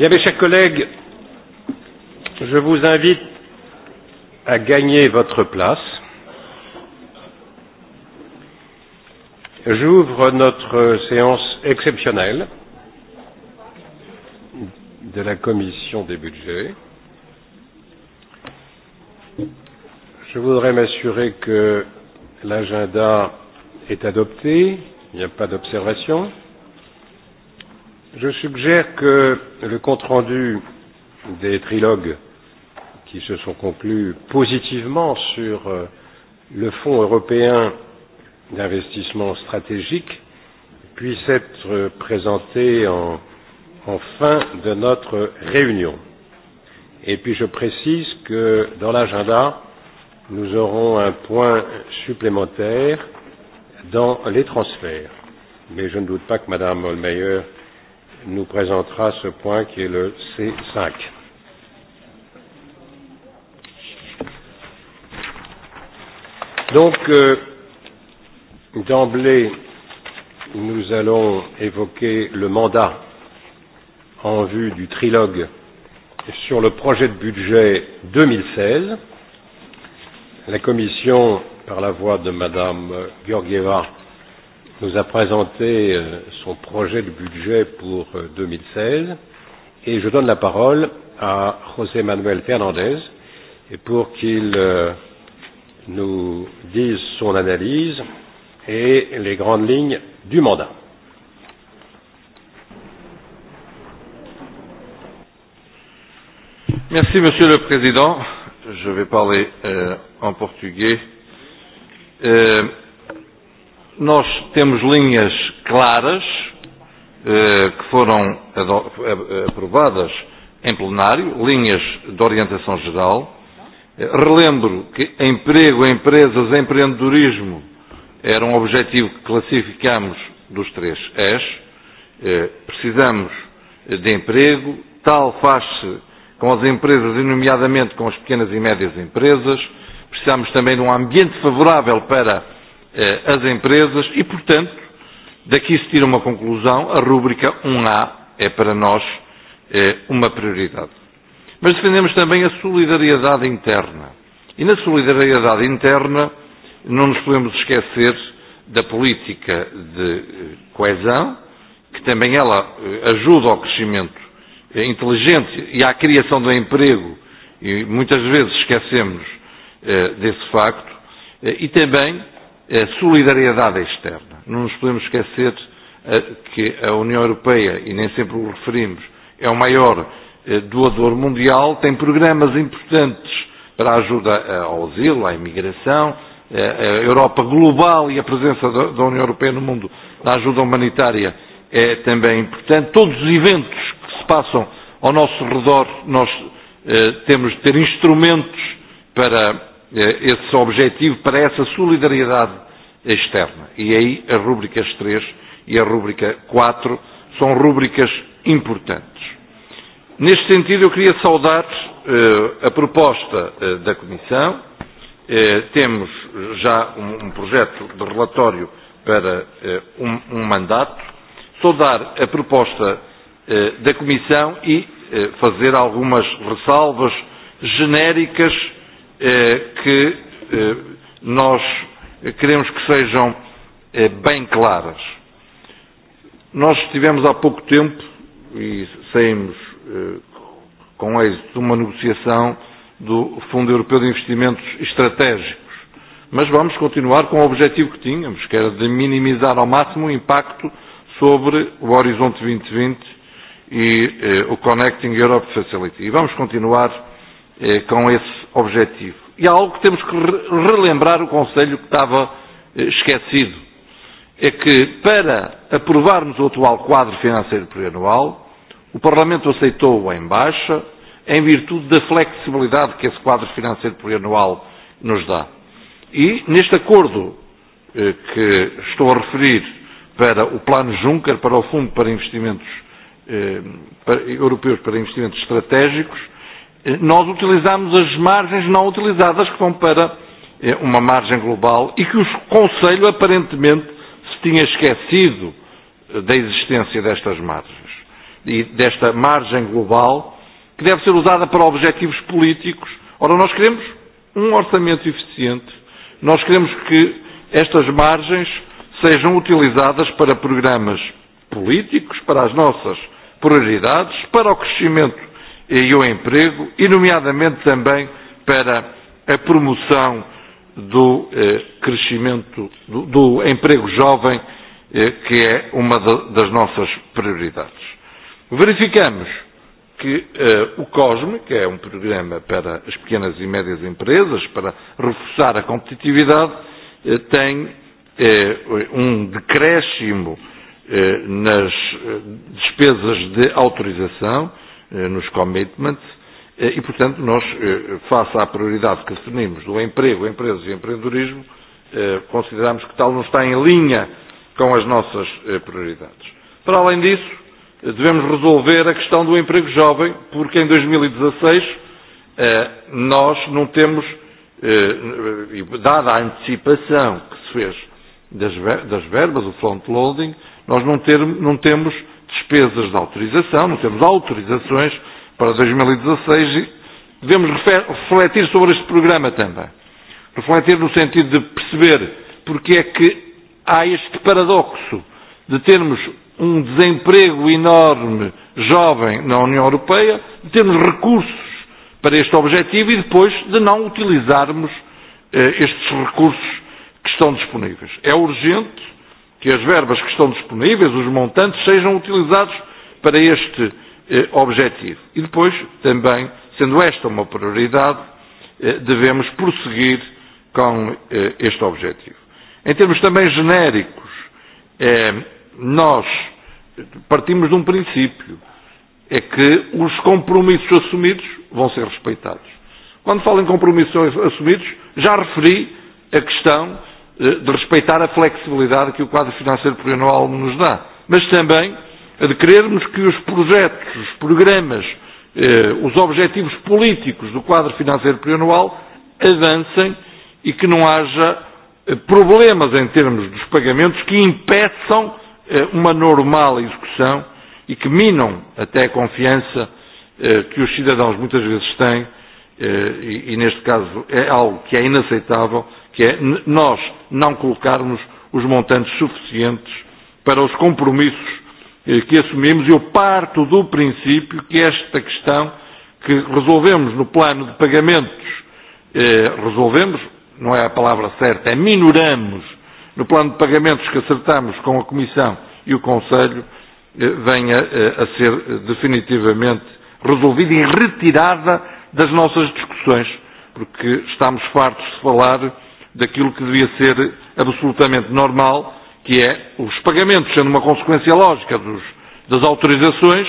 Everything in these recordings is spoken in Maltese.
Bien, mes chers collègues, je vous invite à gagner votre place. J'ouvre notre séance exceptionnelle de la Commission des budgets. Je voudrais m'assurer que l'agenda est adopté. Il n'y a pas d'observation. Je suggère que le compte-rendu des trilogues qui se sont conclus positivement sur euh, le Fonds européen d'investissement stratégique puisse être présenté en, en fin de notre réunion. Et puis je précise que dans l'agenda, nous aurons un point supplémentaire dans les transferts. Mais je ne doute pas que Madame Holmeyer nous présentera ce point qui est le C5. Donc, euh, d'emblée, nous allons évoquer le mandat en vue du trilogue sur le projet de budget 2016. La Commission, par la voix de Madame Georgieva, nous a présenté euh, son projet de budget pour 2016 euh, et je donne la parole à José Manuel Fernandez pour qu'il euh, nous dise son analyse et les grandes lignes du mandat. Merci, Monsieur le Président. Je vais parler euh, en portugais. Euh, nós temos linhas claras eh, que foram eh, aprovadas em plenário, linhas de orientação geral. Eh, relembro que emprego, empresas, empreendedorismo era um objetivo que classificamos dos três S. Eh, precisamos de emprego, tal faz-se com as empresas, e nomeadamente com as pequenas e médias empresas. Precisamos também de um ambiente favorável para eh, as empresas e, portanto, daqui se tira uma conclusão, a rúbrica 1A um é para nós eh, uma prioridade. Mas defendemos também a solidariedade interna. E na solidariedade interna não nos podemos esquecer da política de eh, coesão, que também ela eh, ajuda ao crescimento eh, inteligente e à criação do emprego, e muitas vezes esquecemos desse facto, e também a e solidariedade externa. Não nos podemos esquecer eh, que a União Europeia, e nem sempre o referimos, é o maior eh, doador mundial, tem programas importantes para a ajuda eh, ao asilo, à imigração, a Europa global e a presença da União Europeia no mundo na ajuda humanitária é também importante. Todos os eventos que se passam ao nosso redor, nós temos de ter instrumentos para Eh, esse objetivo para essa solidariedade externa. E aí as rúbricas 3 e a rúbrica 4 são rúbricas importantes. Neste sentido, eu queria saudar eh, a proposta eh, da Comissão. Eh, temos eh, já um, um projeto de relatório para eh, um, um mandato. Saudar a proposta eh, da Comissão e eh, fazer algumas ressalvas genéricas E, que e, nós queremos que sejam e, bem claras. Nós tivemos há pouco tempo, e saímos com êxito, uma negociação do Fundo Europeu de Investimentos Estratégicos. Mas vamos continuar com o objetivo que tínhamos, que era de minimizar ao máximo o impacto sobre o Horizonte 2020 e eh, o Connecting Europe Facility. E vamos continuar eh, com esse objetivo. E há algo que temos que relembrar o Conselho que estava eh, esquecido. É que para aprovarmos o atual quadro financeiro plurianual, o Parlamento aceitou-o em baixa, em virtude da flexibilidade que esse quadro financeiro plurianual nos dá. E neste acordo eh, que estou a referir para o Plano Juncker, para o Fundo para Investimentos eh, para, Europeus para Investimentos Estratégicos, nós utilizamos as margens não utilizadas que vão para eh, uma margem global e que o Conselho aparentemente se tinha esquecido eh, da existência destas margens e desta margem global que deve ser usada para objetivos políticos. Ora, nós queremos um orçamento eficiente, nós queremos que estas margens sejam utilizadas para programas políticos, para as nossas prioridades, para o crescimento e o emprego e, nomeadamente, também para a promoção do eh, crescimento do, do emprego jovem, eh, que é uma da, das nossas prioridades. Verificamos que eh, o COSME, que é um programa para as pequenas e médias empresas, para reforçar a competitividade, eh, tem eh, um decréscimo eh, nas eh, despesas de autorização Eh, nos commitments eh, e, portanto, nós, eh, face à prioridade que definimos do emprego, empresas e empreendedorismo, consideramos que tal não está em linha com as nossas prioridades. Para além disso, devemos resolver a questão do emprego jovem, porque em 2016 e nós não temos, e dada a antecipação que se fez das verbas, o front-loading, nós não, ter, não temos despesas de autorização, não temos autorizações para 2016 e, e devemos refletir sobre este programa também. Refletir no sentido de perceber porque é que há este paradoxo de termos um desemprego enorme jovem na União Europeia, de termos recursos para este objetivo e depois de não utilizarmos eh, estes recursos que estão disponíveis. É urgente que as verbas que estão disponíveis, os montantes, sejam utilizados para este eh, objetivo. E depois, também, sendo esta uma prioridade, eh, devemos prosseguir com eh, este objetivo. Em termos também genéricos, eh, nós partimos de um princípio, é que os compromissos assumidos vão ser respeitados. Quando falo em compromissos assumidos, já referi a questão Eh, de respeitar a flexibilidade que o quadro financeiro plurianual nos dá, mas também de querermos que os projetos, os programas, eh, os objetivos políticos do quadro financeiro plurianual avancem e que não haja eh, problemas em termos dos pagamentos que impeçam eh, uma normal execução e que minam até a confiança eh, que os cidadãos muitas vezes têm, eh, e, e neste caso é algo que é inaceitável, que é nós não colocarmos os montantes suficientes para os compromissos eh, que assumimos. Eu parto do princípio que esta questão que resolvemos no plano de pagamentos, eh, resolvemos, não é a palavra certa, é minoramos no plano de pagamentos que acertamos com a Comissão e o Conselho, eh, venha a ser definitivamente resolvida e retirada das nossas discussões, porque estamos fartos de falar daquilo que devia ser absolutamente normal, que é os pagamentos, sendo uma consequência lógica dos, das autorizações,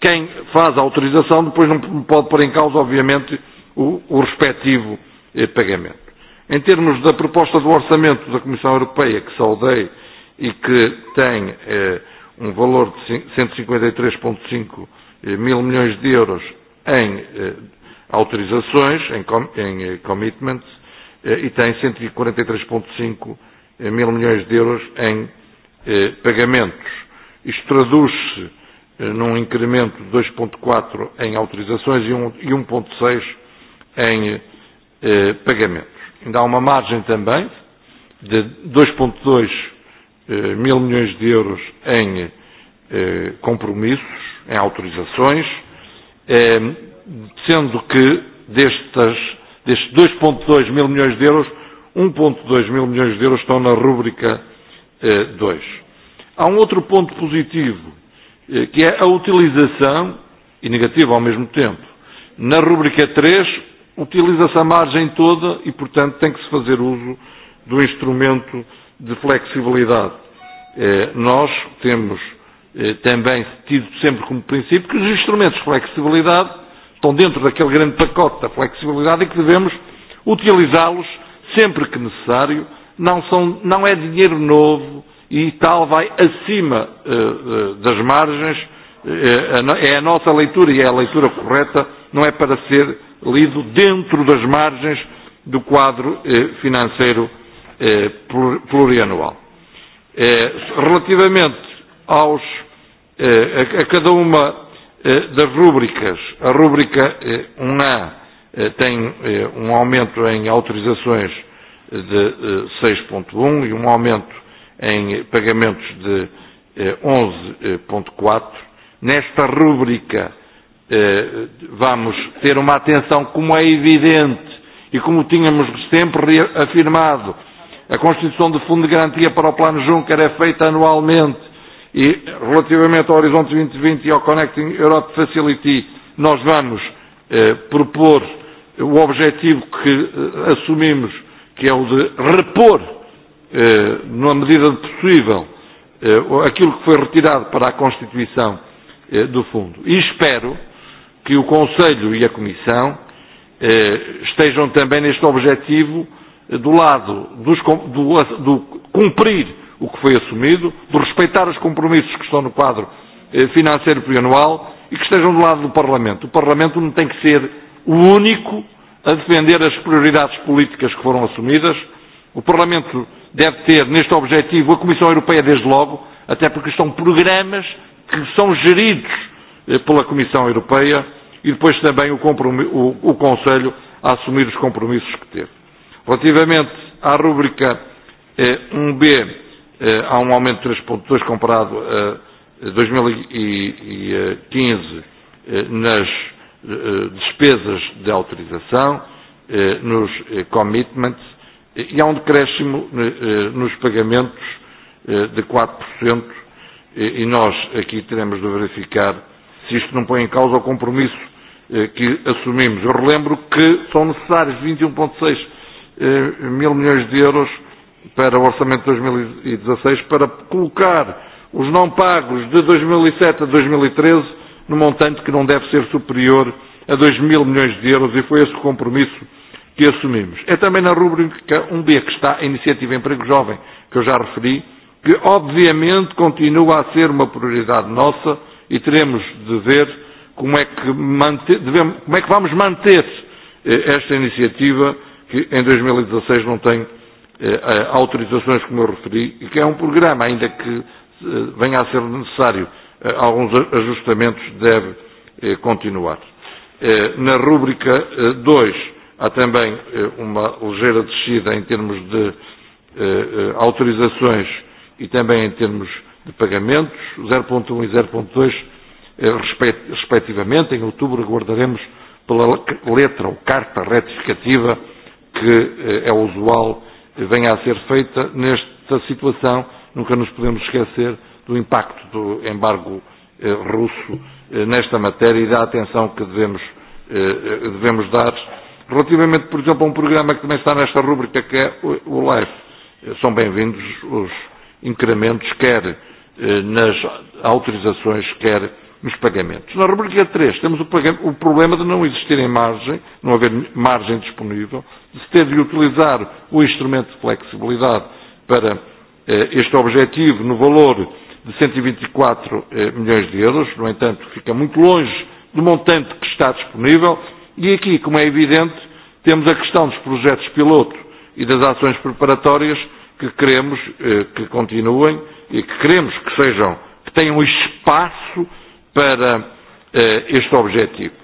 quem faz a autorização depois não pode pôr em causa, obviamente, o, o respectivo eh, pagamento. Em termos da proposta do orçamento da Comissão Europeia, que saudei e que tem eh, um valor de 153,5 e e eh, mil milhões de euros em eh, autorizações, em, com, em eh, commitments, Eh, e tem 143,5 e e eh, mil milhões de euros em eh, pagamentos. Isto traduz-se num incremento de 2,4 em autorizações e 1,6 um, e um em eh, pagamentos. Ainda há uma margem também de 2,2 eh, mil milhões de euros em eh, compromissos, em autorizações, eh, sendo que destas Destes 2,2 mil milhões de euros, 1,2 um mil milhões de euros estão na rúbrica 2. Eh, Há um outro ponto positivo, eh, que é a utilização, e negativa ao mesmo tempo, na rúbrica 3, utiliza-se a margem toda e, portanto, tem que se fazer uso do instrumento de flexibilidade. Eh, nós temos também tido sempre como princípio que os instrumentos de flexibilidade estão dentro daquele grande pacote da flexibilidade e que devemos utilizá-los sempre que necessário. Não, são, não é dinheiro novo e tal vai acima uh, uh, das margens. Uh, é a nossa leitura e é a leitura correta, não é para ser lido dentro das margens do quadro uh, financeiro uh, plurianual. Uh, relativamente aos, uh, a, a cada uma Eh, das rúbricas. A rúbrica 1A eh, um eh, tem um aumento em autorizações de 6.1 um e um aumento em pagamentos de 11.4. Nesta rúbrica vamos ter uma atenção, como é evidente e como tínhamos sempre afirmado, a constituição do Fundo de Garantia para o Plano Juncker é feita anualmente E relativamente ao Horizonte 2020 e, e ao Connecting Europe Facility, nós vamos eh, propor o objetivo que eh, assumimos, que é o de repor, eh, numa medida possível, eh, aquilo que foi retirado para a constituição eh, do fundo. E espero que o Conselho e a Comissão eh, estejam também neste objetivo eh, do lado dos, do, do cumprir o que foi assumido, de respeitar os compromissos que estão no quadro eh, financeiro plurianual e que estejam do lado do Parlamento. O Parlamento não tem que ser o único a defender as prioridades políticas que foram assumidas. O Parlamento deve ter neste objetivo a Comissão Europeia desde logo, até porque estão programas que são geridos eh, pela Comissão Europeia e depois também o, o, o Conselho a assumir os compromissos que teve. Relativamente à rubrica eh, 1B, um Eh, há um aumento de 3,2 comparado a 2015 e eh, nas eh, despesas de autorização, nos commitments, e há um decréscimo nos pagamentos de 4%, e nós aqui teremos de verificar se isto não põe em causa o compromisso que assumimos. Eu relembro que são necessários 21,6 e um mil milhões de euros para o Orçamento de 2016 e para colocar os não pagos de 2007 e a 2013 e no montante que não deve ser superior a 2 mil milhões de euros e foi esse o compromisso que assumimos. É também na rubrica 1B um que está a Iniciativa Emprego Jovem, que eu já referi, que obviamente continua a ser uma prioridade nossa e teremos de ver como é que, manter, devemos, como é que vamos manter eh, esta iniciativa que em 2016 não tem Eh, eh, autorizações, como eu referi, e que é um programa, ainda que eh, venha a ser necessário eh, alguns ajustamentos, deve continuar. Na rúbrica 2 há também uma ligeira descida em termos de autorizações e também em termos de pagamentos, 0.1 um e 0.2 respectivamente. Em outubro aguardaremos pela letra ou carta retificativa que é usual venha a ser feita nesta situação. Nunca nos podemos esquecer do impacto do embargo eh, russo eh, nesta matéria e da atenção que devemos, eh, eh devemos dar. Relativamente, por exemplo, a um programa que também está nesta rubrica, que é o LIFE, eh, são bem-vindos os incrementos, quer eh, nas autorizações, quer nos pagamentos. Na rubrica 3, temos o, o problema de não existirem margem, não haver margem disponível, de se ter de utilizar o instrumento de flexibilidade para eh, este objetivo no valor de 124 e e eh, milhões de euros, no entanto, fica muito longe do montante que está disponível, e aqui, como é evidente, temos a questão dos projetos piloto e das ações preparatórias que queremos eh, que continuem e que queremos que sejam, que tenham espaço para eh, este objetivo.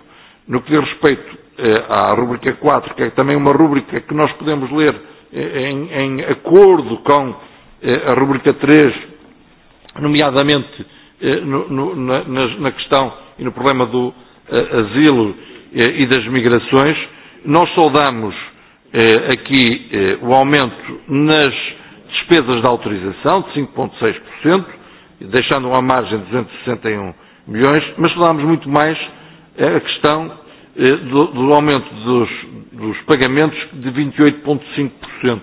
No que diz respeito eh, à rubrica 4, que é também uma rubrica que nós podemos ler eh, em, em acordo com eh, a rubrica 3, nomeadamente eh, no, no, na, na questão e no problema do eh, asilo eh, e das migrações, nós saudamos eh, aqui eh, o aumento nas despesas de autorização de 5,6%, deixando uma margem de 261 milhões, mas falámos muito mais a questão eh, do, do aumento dos, dos pagamentos de 28,5%.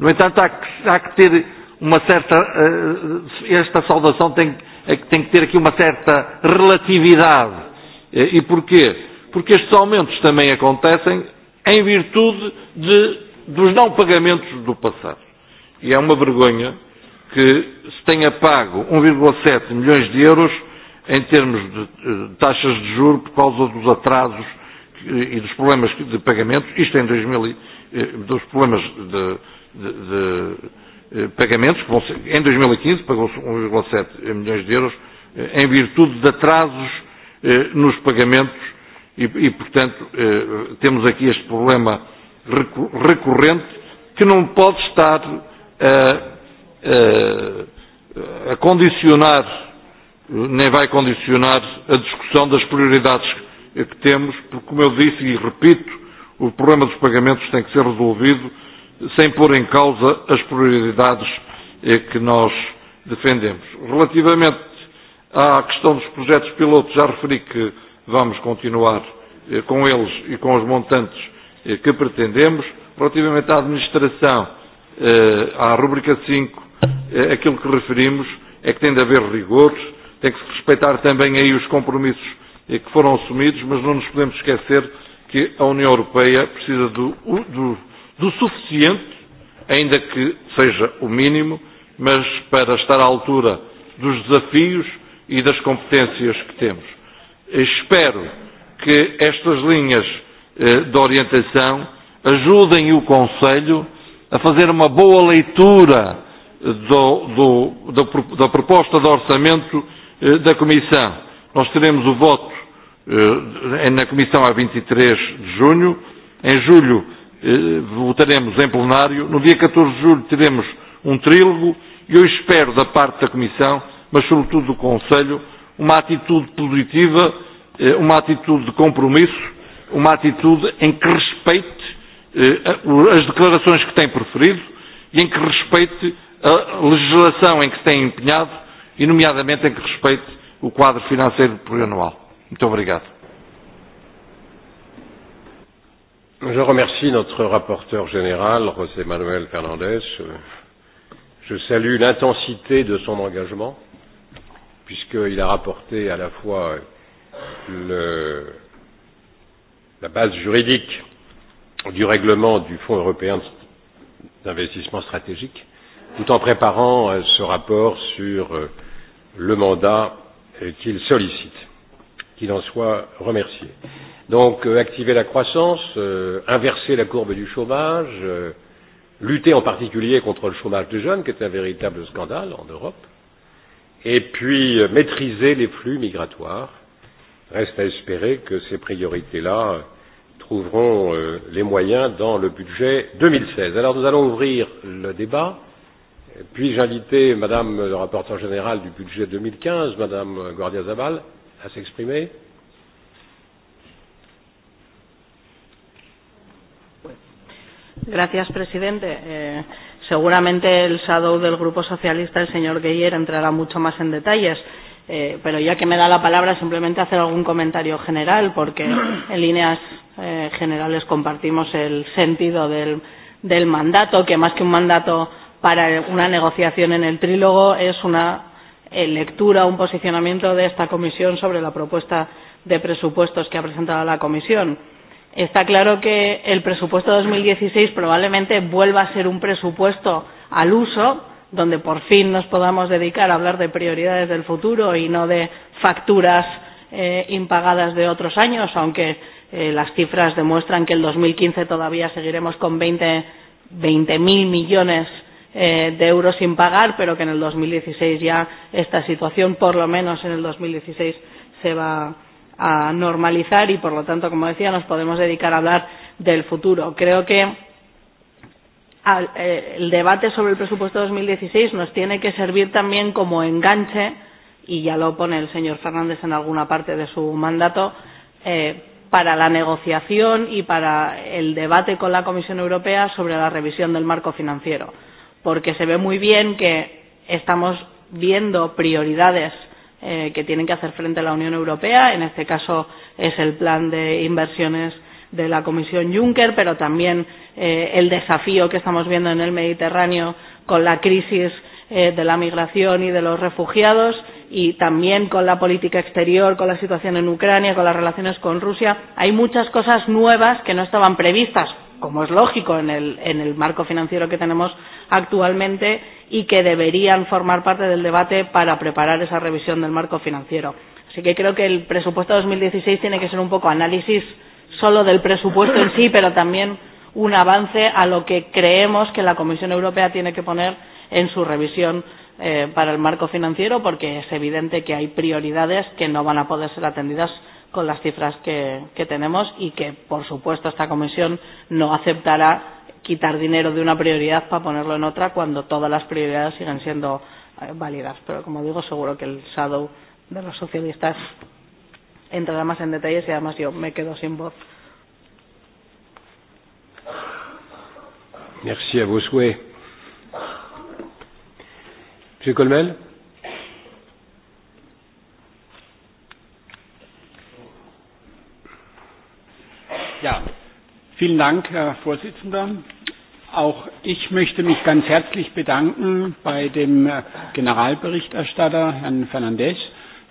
E no entanto, há que, há que ter uma certa. Eh, esta saudação tem, tem que ter aqui uma certa relatividade. Eh, e porquê? Porque estes aumentos também acontecem em virtude de, dos não pagamentos do passado. E é uma vergonha que se tenha pago 1,7 um milhões de euros em termos de eh, taxas de juros por causa dos atrasos eh, e dos problemas de pagamentos, isto em 2000, e, eh, dos problemas de, de, de pagamentos, em 2015 e pagou-se 1,7 um milhões de euros em virtude de atrasos nos pagamentos e, e portanto, temos aqui este problema recorrente que não pode estar a, a, a condicionar nem vai condicionar a discussão das prioridades que temos, porque, como eu disse e repito, o problema dos pagamentos tem que ser resolvido sem pôr em causa as prioridades eh, que nós defendemos. Relativamente à questão dos projetos pilotos, já referi que vamos continuar eh, com eles e com os montantes eh, que pretendemos. Relativamente à administração, à rubrica 5, aquilo que referimos é que tem de haver rigor, tem que se respeitar também aí os compromissos e que foram assumidos, mas não nos podemos esquecer que a União Europeia precisa do, do, do suficiente, ainda que seja o mínimo, mas para estar à altura dos desafios e das competências que temos. Espero que estas linhas eh, de orientação ajudem o Conselho a fazer uma boa leitura do, do, da, da proposta de orçamento Eh, da comissão. Nós teremos o voto eh, na comissão a 23 e de junho. Em julho eh, votaremos em plenário. No dia 14 de julho teremos um trílogo e eu espero da parte da comissão, mas sobretudo do Conselho, uma atitude positiva, uma atitude de compromisso, uma atitude em que respeite as declarações que tem preferido e em que respeite a legislação em que se tem empenhado e, nomeadamente, em que respeite o quadro financeiro plurianual. Muito obrigado. Je remercie notre rapporteur général, José Manuel Fernandez. Je salue l'intensité de son engagement, puisqu'il a rapporté à la fois le, la base juridique du règlement du Fonds européen d'investissement stratégique, tout en préparant ce rapport sur euh, le mandat qu'il sollicite, qu'il en soit remercié. Donc euh, activer la croissance, euh, inverser la courbe du chômage, euh, lutter en particulier contre le chômage des jeunes, qui est un véritable scandale en Europe, et puis euh, maîtriser les flux migratoires. Reste à espérer que ces priorités-là euh, trouveront euh, les moyens dans le budget 2016. Alors nous allons ouvrir le débat. Puis-je inviter Madame le rapporteur général du budget 2015, Madame Guardia Zabal, à s'exprimer Gracias, presidente. Eh, seguramente el shadow del Grupo Socialista, el señor Geyer, entrará mucho más en detalles. Eh, pero ya que me da la palabra, simplemente hacer algún comentario general, porque en líneas eh, generales compartimos el sentido del, del mandato, que más que un mandato para una negociación en el trílogo es una eh, lectura, un posicionamiento de esta comisión sobre la propuesta de presupuestos que ha presentado la comisión. Está claro que el presupuesto 2016 probablemente vuelva a ser un presupuesto al uso, donde por fin nos podamos dedicar a hablar de prioridades del futuro y no de facturas eh, impagadas de otros años, aunque eh, las cifras demuestran que el 2015 todavía seguiremos con 20 20.000 millones eh, de euros sin pagar, pero que en el 2016 ya esta situación, por lo menos en el 2016, se va a normalizar y, por lo tanto, como decía, nos podemos dedicar a hablar del futuro. Creo que al, eh, el debate sobre el presupuesto 2016 nos tiene que servir también como enganche, y ya lo pone el señor Fernández en alguna parte de su mandato, eh, para la negociación y para el debate con la Comisión Europea sobre la revisión del marco financiero porque se ve muy bien que estamos viendo prioridades eh, que tienen que hacer frente a la Unión Europea. En este caso es el plan de inversiones de la Comisión Juncker, pero también eh, el desafío que estamos viendo en el Mediterráneo con la crisis eh, de la migración y de los refugiados y también con la política exterior, con la situación en Ucrania, con las relaciones con Rusia. Hay muchas cosas nuevas que no estaban previstas, como es lógico en el, en el marco financiero que tenemos actualmente y que deberían formar parte del debate para preparar esa revisión del marco financiero. Así que creo que el presupuesto 2016 tiene que ser un poco análisis solo del presupuesto en sí, pero también un avance a lo que creemos que la Comisión Europea tiene que poner en su revisión eh, para el marco financiero, porque es evidente que hay prioridades que no van a poder ser atendidas con las cifras que, que tenemos y que, por supuesto, esta Comisión no aceptará quitar dinero de una prioridad para ponerlo en otra cuando todas las prioridades siguen siendo eh, válidas. Pero como digo, seguro que el shadow de los socialistas entrará más en detalles y además yo me quedo sin voz. Merci a vos güey. Monsieur Colmel Ja, Vielen Dank, Herr Vorsitzender. Auch ich möchte mich ganz herzlich bedanken bei dem äh, Generalberichterstatter, Herrn Fernandez,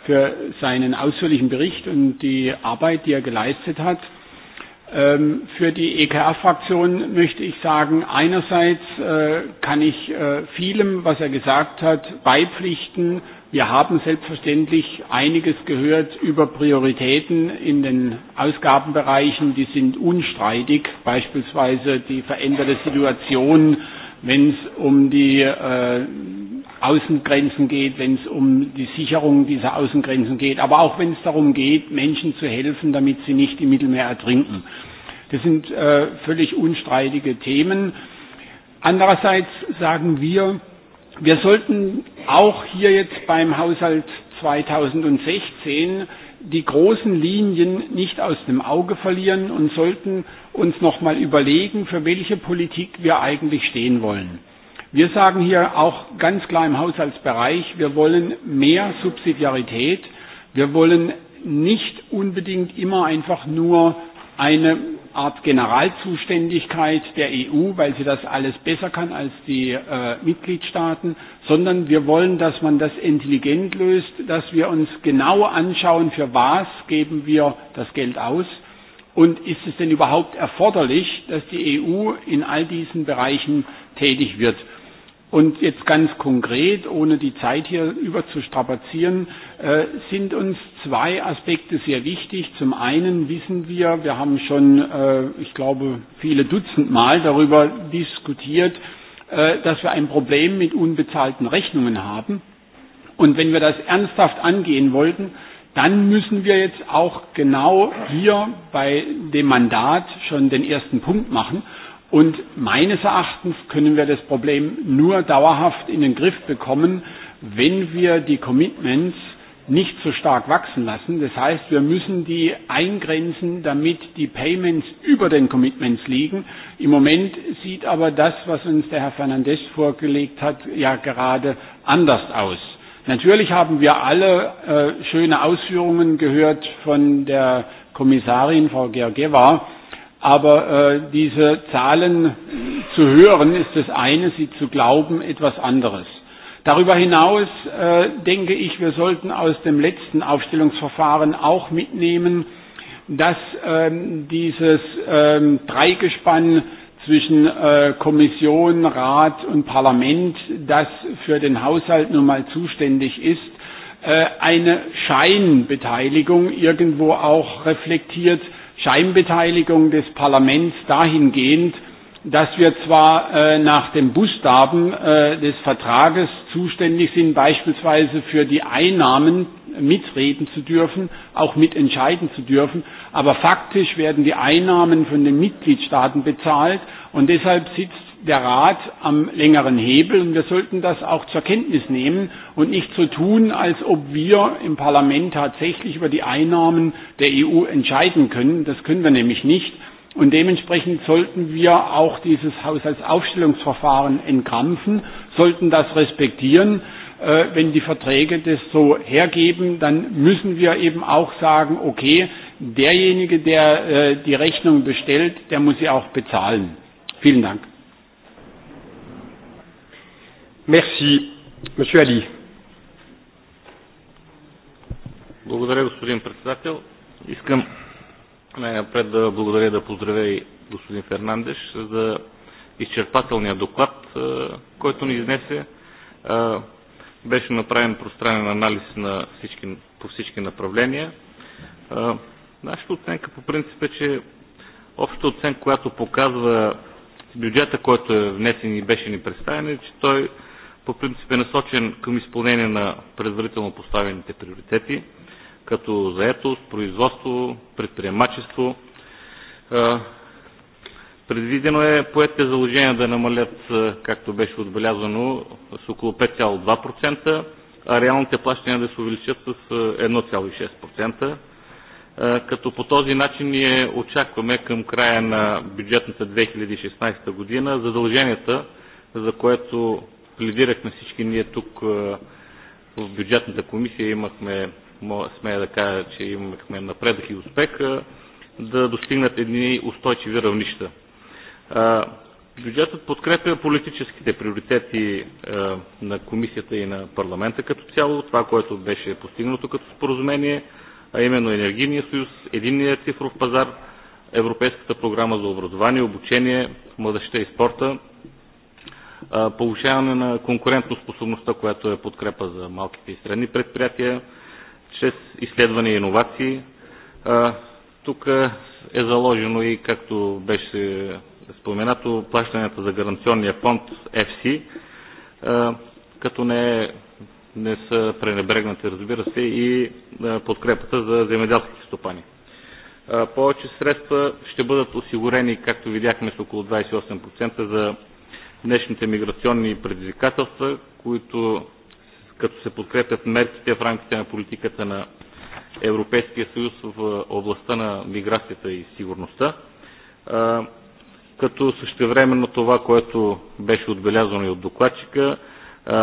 für seinen ausführlichen Bericht und die Arbeit, die er geleistet hat. Ähm, für die EKR-Fraktion möchte ich sagen, einerseits äh, kann ich äh, vielem, was er gesagt hat, beipflichten, Wir haben selbstverständlich einiges gehört über Prioritäten in den Ausgabenbereichen, die sind unstreitig, beispielsweise die veränderte Situation, wenn es um die äh, Außengrenzen geht, wenn es um die Sicherung dieser Außengrenzen geht, aber auch wenn es darum geht, Menschen zu helfen, damit sie nicht im Mittelmeer ertrinken. Das sind äh, völlig unstreitige Themen. Andererseits sagen wir, Wir sollten auch hier jetzt beim Haushalt 2016 die großen Linien nicht aus dem Auge verlieren und sollten uns noch mal überlegen, für welche Politik wir eigentlich stehen wollen. Wir sagen hier auch ganz klar im Haushaltsbereich, wir wollen mehr Subsidiarität, wir wollen nicht unbedingt immer einfach nur eine Art Generalzuständigkeit der EU, weil sie das alles besser kann als die äh, Mitgliedstaaten, sondern wir wollen, dass man das intelligent löst, dass wir uns genau anschauen, für was geben wir das Geld aus und ist es denn überhaupt erforderlich, dass die EU in all diesen Bereichen tätig wird. Und jetzt ganz konkret, ohne die Zeit hier überzustrapazieren, äh, sind uns zwei Aspekte sehr wichtig. Zum einen wissen wir, wir haben schon, äh, ich glaube, viele Dutzend Mal darüber diskutiert, äh, dass wir ein Problem mit unbezahlten Rechnungen haben. Und wenn wir das ernsthaft angehen wollten, dann müssen wir jetzt auch genau hier bei dem Mandat schon den ersten Punkt machen – Und meines Erachtens können wir das Problem nur dauerhaft in den Griff bekommen, wenn wir die Commitments nicht so stark wachsen lassen. Das heißt, wir müssen die eingrenzen, damit die Payments über den Commitments liegen. Im Moment sieht aber das, was uns der Herr Fernandes vorgelegt hat, ja gerade anders aus. Natürlich haben wir alle äh, schöne Ausführungen gehört von der Kommissarin, Frau Georgieva, Aber äh, diese Zahlen zu hören ist das eine, sie zu glauben etwas anderes. Darüber hinaus äh, denke ich, wir sollten aus dem letzten Aufstellungsverfahren auch mitnehmen, dass äh, dieses äh, Dreigespann zwischen äh, Kommission, Rat und Parlament, das für den Haushalt nun mal zuständig ist, äh, eine Scheinbeteiligung irgendwo auch reflektiert, Scheinbeteiligung des Parlaments dahingehend, dass wir zwar äh, nach dem Buchstaben äh, des Vertrages zuständig sind, beispielsweise für die Einnahmen mitreden zu dürfen, auch mitentscheiden zu dürfen, aber faktisch werden die Einnahmen von den Mitgliedstaaten bezahlt und deshalb sitzt der Rat am längeren Hebel und wir sollten das auch zur Kenntnis nehmen und nicht so tun, als ob wir im Parlament tatsächlich über die Einnahmen der EU entscheiden können. Das können wir nämlich nicht. Und dementsprechend sollten wir auch dieses Haushaltsaufstellungsverfahren entkrampfen, sollten das respektieren. Äh, wenn die Verträge das so hergeben, dann müssen wir eben auch sagen, okay, derjenige, der äh, die Rechnung bestellt, der muss sie auch bezahlen. Vielen Dank. Merci. Monsieur Али. Благодаря, господин председател. Искам най-напред да благодаря да поздравя и господин Фернандеш за изчерпателния доклад, който ни изнесе. Беше направен пространен анализ на всички, по всички направления. Нашата оценка по принцип е, че общата оценка, която показва бюджета, който е внесен и беше ни представен, е, че той по принцип е насочен към изпълнение на предварително поставените приоритети, като заетост, производство, предприемачество. Предвидено е поетите заложения да намалят, както беше отбелязано, с около 5,2%, а реалните плащания да се увеличат с 1,6% като по този начин ние очакваме към края на бюджетната 2016 година задълженията, за което пледирахме всички ние тук в бюджетната комисия, имахме, смея да кажа, че имахме напредък и успех, да достигнат едни устойчиви равнища. Бюджетът подкрепя политическите приоритети на комисията и на парламента като цяло, това, което беше постигнато като споразумение, а именно Енергийния съюз, Единния цифров пазар, Европейската програма за образование, обучение, младеща и спорта – повишаване на способността, която е подкрепа за малките и средни предприятия, чрез изследвания и иновации. Тук е заложено и, както беше споменато, плащанията за гаранционния фонд FC, като не, не са пренебрегнати, разбира се, и подкрепата за земеделските стопани. Повече средства ще бъдат осигурени, както видяхме, с около 28% за днешните миграционни предизвикателства, които като се подкрепят мерките в рамките на политиката на Европейския съюз в областта на миграцията и сигурността. Като същевременно това, което беше отбелязано и от докладчика,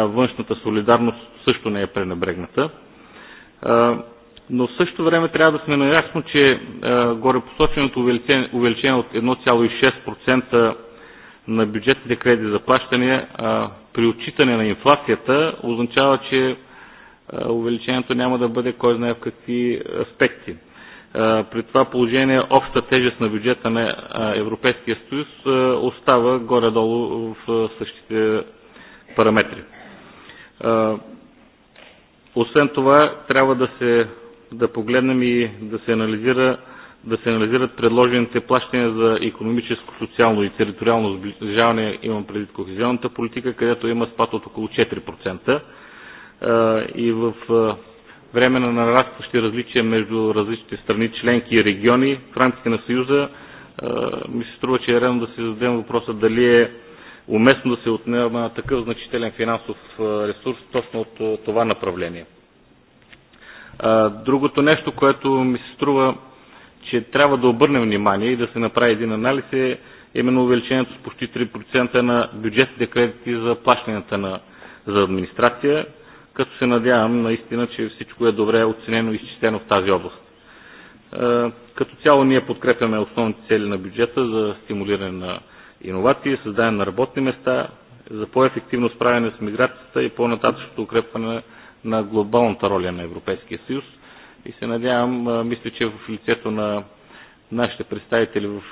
външната солидарност също не е пренебрегната. Но в същото време трябва да сме наясно, че горе посоченото увеличение от 1,6% на бюджетните кредити за плащане при отчитане на инфлацията означава, че увеличението няма да бъде кой знае в какви аспекти. при това положение обща тежест на бюджета на Европейския съюз остава горе-долу в същите параметри. освен това, трябва да се да погледнем и да се анализира да се анализират предложените плащания за економическо, социално и териториално сближаване, имам предвид кохезионната политика, където има спад от около 4% и в време на нарастващи различия между различните страни, членки и региони в рамките на Съюза, ми се струва, че е редно да се зададем въпроса дали е уместно да се отнема такъв значителен финансов ресурс точно от това направление. Другото нещо, което ми се струва че трябва да обърнем внимание и да се направи един анализ е именно увеличението с почти 3% на бюджетните кредити за плащанията на, за администрация, като се надявам наистина, че всичко е добре оценено и изчислено в тази област. Като цяло ние подкрепяме основните цели на бюджета за стимулиране на иновации, създаване на работни места, за по-ефективно справяне с миграцията и по-нататъчното укрепване на глобалната роля на Европейския съюз – и се надявам, мисля, че в лицето на нашите представители в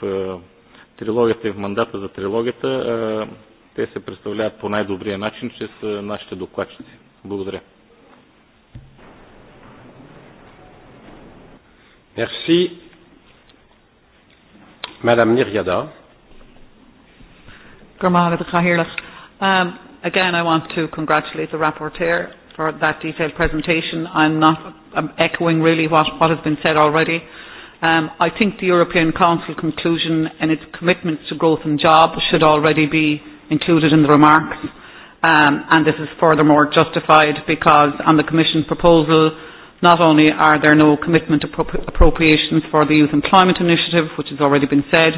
трилогията и в мандата за трилогията, те се представляват по най-добрия начин чрез нашите докладчици. Благодаря. Merci. Madame Niriada. Gurmana, um, Again, I want to congratulate the rapporteur for that detailed presentation. I'm not I'm echoing really what, what has been said already. Um, I think the European Council conclusion and its commitments to growth and job should already be included in the remarks. Um, and this is furthermore justified because on the Commission proposal, not only are there no commitment appro appropriations for the Youth Employment Initiative, which has already been said,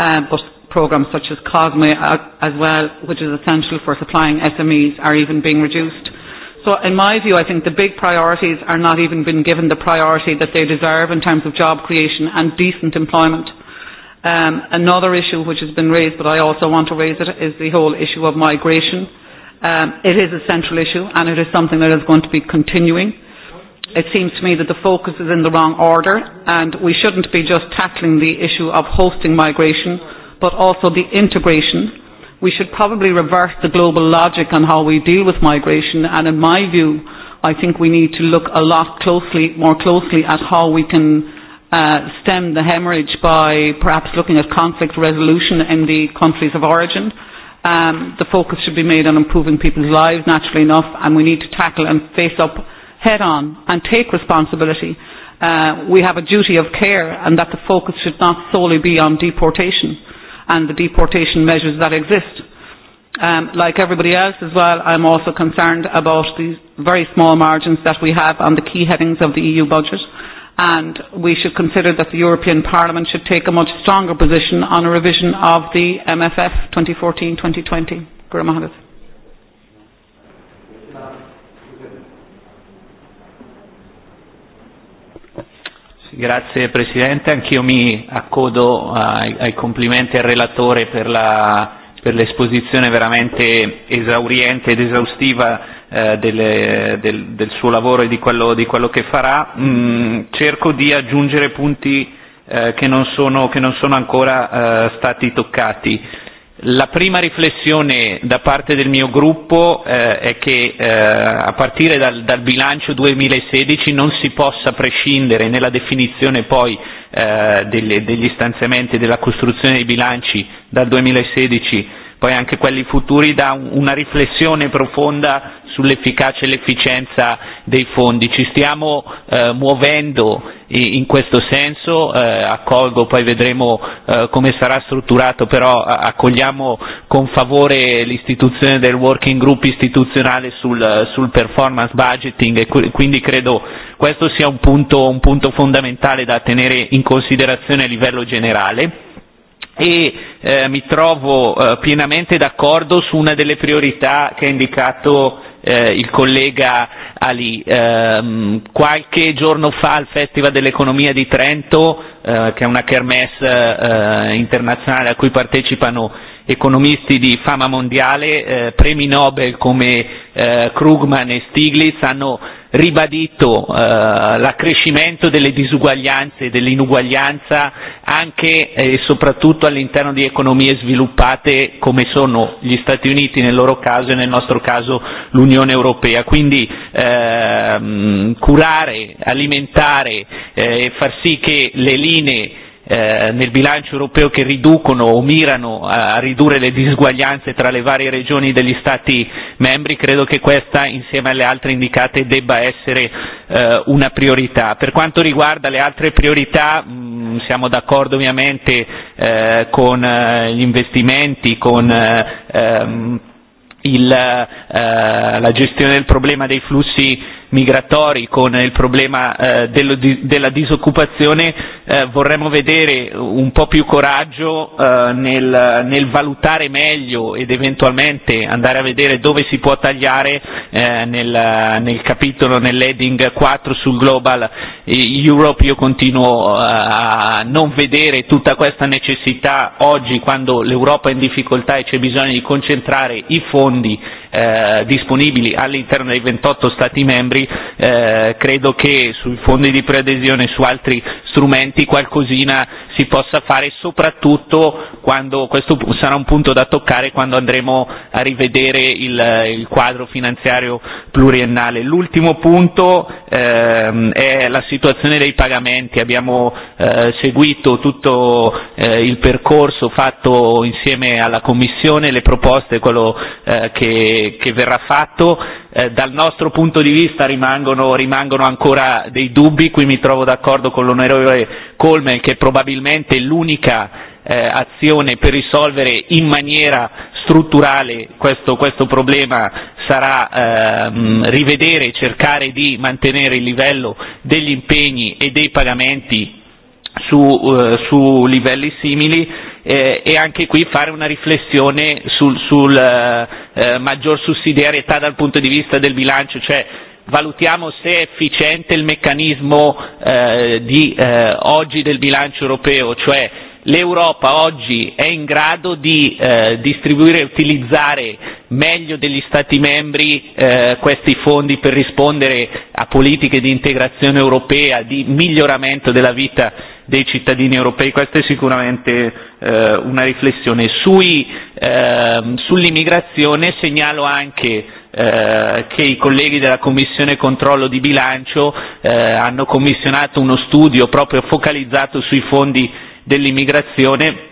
um, but programmes such as COSME uh, as well, which is essential for supplying SMEs, are even being reduced. So in my view, I think the big priorities are not even being given the priority that they deserve in terms of job creation and decent employment. Um, another issue which has been raised, but I also want to raise it, is the whole issue of migration. Um, it is a central issue and it is something that is going to be continuing. It seems to me that the focus is in the wrong order and we shouldn't be just tackling the issue of hosting migration, but also the integration We should probably reverse the global logic on how we deal with migration, and in my view, I think we need to look a lot closely, more closely at how we can uh, stem the hemorrhage by perhaps looking at conflict resolution in the countries of origin. Um, the focus should be made on improving people's lives, naturally enough, and we need to tackle and face up head on and take responsibility. Uh, we have a duty of care, and that the focus should not solely be on deportation and the deportation measures that exist. Um, like everybody else as well, I'm also concerned about the very small margins that we have on the key headings of the EU budget and we should consider that the European Parliament should take a much stronger position on a revision of the MFF 2014-2020. Grazie Presidente, anch'io mi accodo ai, ai complimenti al relatore per la per l'esposizione veramente esauriente ed esaustiva eh, del, del, del suo lavoro e di quello, di quello che farà. Mm, cerco di aggiungere punti eh, che, non sono, che non sono ancora eh, stati toccati. La prima riflessione da parte del mio gruppo eh, è che eh, a partire dal, dal bilancio 2016 non si possa prescindere nella definizione poi eh, degli, degli stanziamenti e della costruzione dei bilanci dal 2016 poi anche quelli futuri da una riflessione profonda sull'efficacia e l'efficienza dei fondi. Ci stiamo eh, muovendo in questo senso, eh, accolgo, poi vedremo eh, come sarà strutturato, però accogliamo con favore l'istituzione del working group istituzionale sul, sul performance budgeting e quindi credo questo sia un punto, un punto fondamentale da tenere in considerazione a livello generale e eh, mi trovo eh, pienamente d'accordo su una delle priorità che ha indicato eh, il collega Ali. ehm, qualche giorno fa al Festival dell'Economia di Trento, eh, che è una kermesse eh, internazionale a cui partecipano economisti di fama mondiale, eh, premi Nobel come eh, Krugman e Stiglitz hanno ribadito eh, l'accrescimento delle disuguaglianze e dell'inuguaglianza anche eh, e eh, soprattutto all'interno di economie sviluppate come sono gli Stati Uniti nel loro caso e nel nostro caso l'Unione Europea. Quindi eh, curare, alimentare eh, e far sì che le linee eh, nel bilancio europeo che riducono o mirano a, a ridurre le disuguaglianze tra le varie regioni degli Stati membri, credo che questa insieme alle altre indicate debba essere eh, una priorità. Per quanto riguarda le altre priorità mh, mm, siamo d'accordo ovviamente eh, con eh, gli investimenti, con eh, ehm, il, eh, la gestione del problema dei flussi migratori, con il problema eh, dello, di, della disoccupazione, eh, vorremmo vedere un po' più coraggio eh, nel, nel valutare meglio ed eventualmente andare a vedere dove si può tagliare eh, nel, nel capitolo, nell'heading 4 sul Global Europe. Io continuo eh, a non vedere tutta questa necessità oggi quando l'Europa è in difficoltà e c'è bisogno di concentrare i fondi eh, disponibili all'interno dei 28 Stati membri, eh, credo che sui fondi di preadesione e su altri strumenti qualcosina si possa fare, soprattutto quando questo sarà un punto da toccare quando andremo a rivedere il, il quadro finanziario pluriennale. L'ultimo punto ehm, è la situazione dei pagamenti. Abbiamo eh, seguito tutto eh, il percorso fatto insieme alla Commissione, le proposte, quello eh, che che, verrà fatto. Eh, dal nostro punto di vista rimangono, rimangono ancora dei dubbi, qui mi trovo d'accordo con l'onorevole Colme che probabilmente l'unica eh, azione per risolvere in maniera strutturale questo, questo problema sarà ehm, rivedere e cercare di mantenere il livello degli impegni e dei pagamenti su, uh, su livelli simili eh, e anche qui fare una riflessione sul, sul uh, maggior sussidiarietà dal punto di vista del bilancio, cioè valutiamo se è efficiente il meccanismo uh, di uh, oggi del bilancio europeo, cioè l'Europa oggi è in grado di eh, distribuire e utilizzare meglio degli Stati membri eh, questi fondi per rispondere a politiche di integrazione europea, di miglioramento della vita dei cittadini europei. Questa è sicuramente eh, una riflessione. Sui, eh, sull'immigrazione segnalo anche eh, che i colleghi della Commissione Controllo di Bilancio eh, hanno commissionato uno studio proprio focalizzato sui fondi dell'immigrazione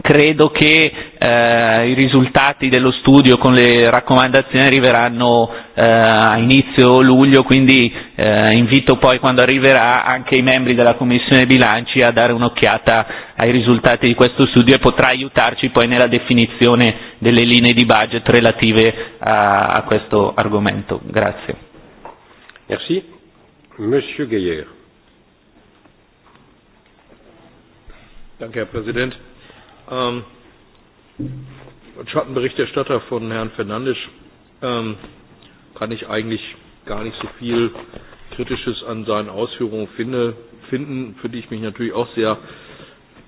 credo che eh, i risultati dello studio con le raccomandazioni arriveranno eh, a inizio luglio, quindi eh, invito poi quando arriverà anche i membri della Commissione Bilanci a dare un'occhiata ai risultati di questo studio e potrà aiutarci poi nella definizione delle linee di budget relative a, a questo argomento. Grazie. Merci. Monsieur Gaillard. Danke, Herr Präsident. Ähm, Schattenberichterstatter von Herrn Fernandes ähm, kann ich eigentlich gar nicht so viel Kritisches an seinen Ausführungen finde, finden, für die ich mich natürlich auch sehr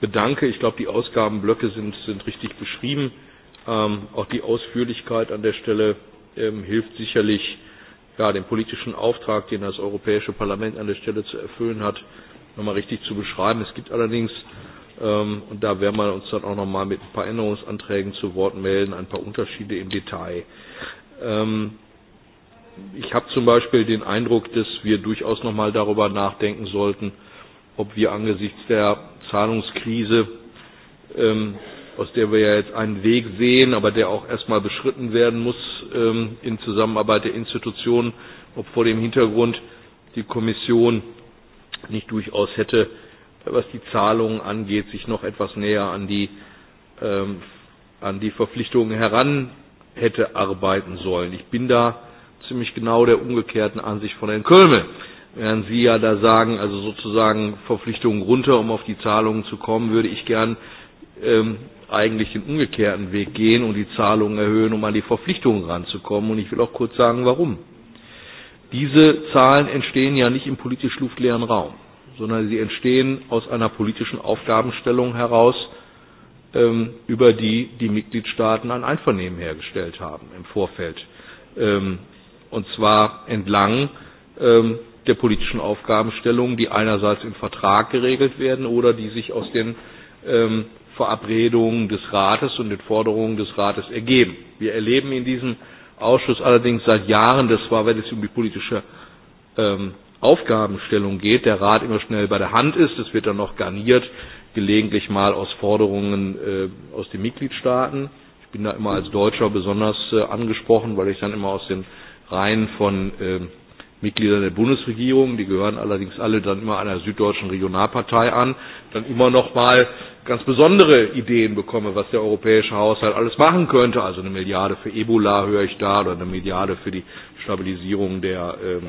bedanke. Ich glaube, die Ausgabenblöcke sind, sind richtig beschrieben. Ähm, auch die Ausführlichkeit an der Stelle ähm, hilft sicherlich, ja, den politischen Auftrag, den das Europäische Parlament an der Stelle zu erfüllen hat, nochmal richtig zu beschreiben. Es gibt allerdings Ähm, und da werden wir uns dann auch nochmal mit ein paar Änderungsanträgen zu Wort melden, ein paar Unterschiede im Detail. Ähm, ich habe zum Beispiel den Eindruck, dass wir durchaus nochmal darüber nachdenken sollten, ob wir angesichts der Zahlungskrise, ähm, aus der wir ja jetzt einen Weg sehen, aber der auch erstmal beschritten werden muss ähm, in Zusammenarbeit der Institutionen, ob vor dem Hintergrund die Kommission nicht durchaus hätte was die Zahlungen angeht, sich noch etwas näher an die, ähm, an die Verpflichtungen heran hätte arbeiten sollen. Ich bin da ziemlich genau der umgekehrten Ansicht von Herrn Kölme. Während Sie ja da sagen, also sozusagen Verpflichtungen runter, um auf die Zahlungen zu kommen, würde ich gern ähm, eigentlich den umgekehrten Weg gehen und die Zahlungen erhöhen, um an die Verpflichtungen ranzukommen. Und ich will auch kurz sagen, warum. Diese Zahlen entstehen ja nicht im politisch luftleeren Raum sondern sie entstehen aus einer politischen Aufgabenstellung heraus, ähm, über die die Mitgliedstaaten ein Einvernehmen hergestellt haben im Vorfeld. Ähm, und zwar entlang ähm, der politischen Aufgabenstellungen, die einerseits im Vertrag geregelt werden oder die sich aus den ähm, Verabredungen des Rates und den Forderungen des Rates ergeben. Wir erleben in diesem Ausschuss allerdings seit Jahren, das war, wenn es um die politische ähm, Aufgabenstellung geht, der Rat immer schnell bei der Hand ist. es wird dann noch garniert, gelegentlich mal aus Forderungen äh, aus den Mitgliedstaaten. Ich bin da immer als Deutscher besonders äh, angesprochen, weil ich dann immer aus den Reihen von äh, Mitgliedern der Bundesregierung, die gehören allerdings alle dann immer einer süddeutschen Regionalpartei an, dann immer noch mal ganz besondere Ideen bekomme, was der europäische Haushalt alles machen könnte. Also eine Milliarde für Ebola höre ich da oder eine Milliarde für die Stabilisierung der äh,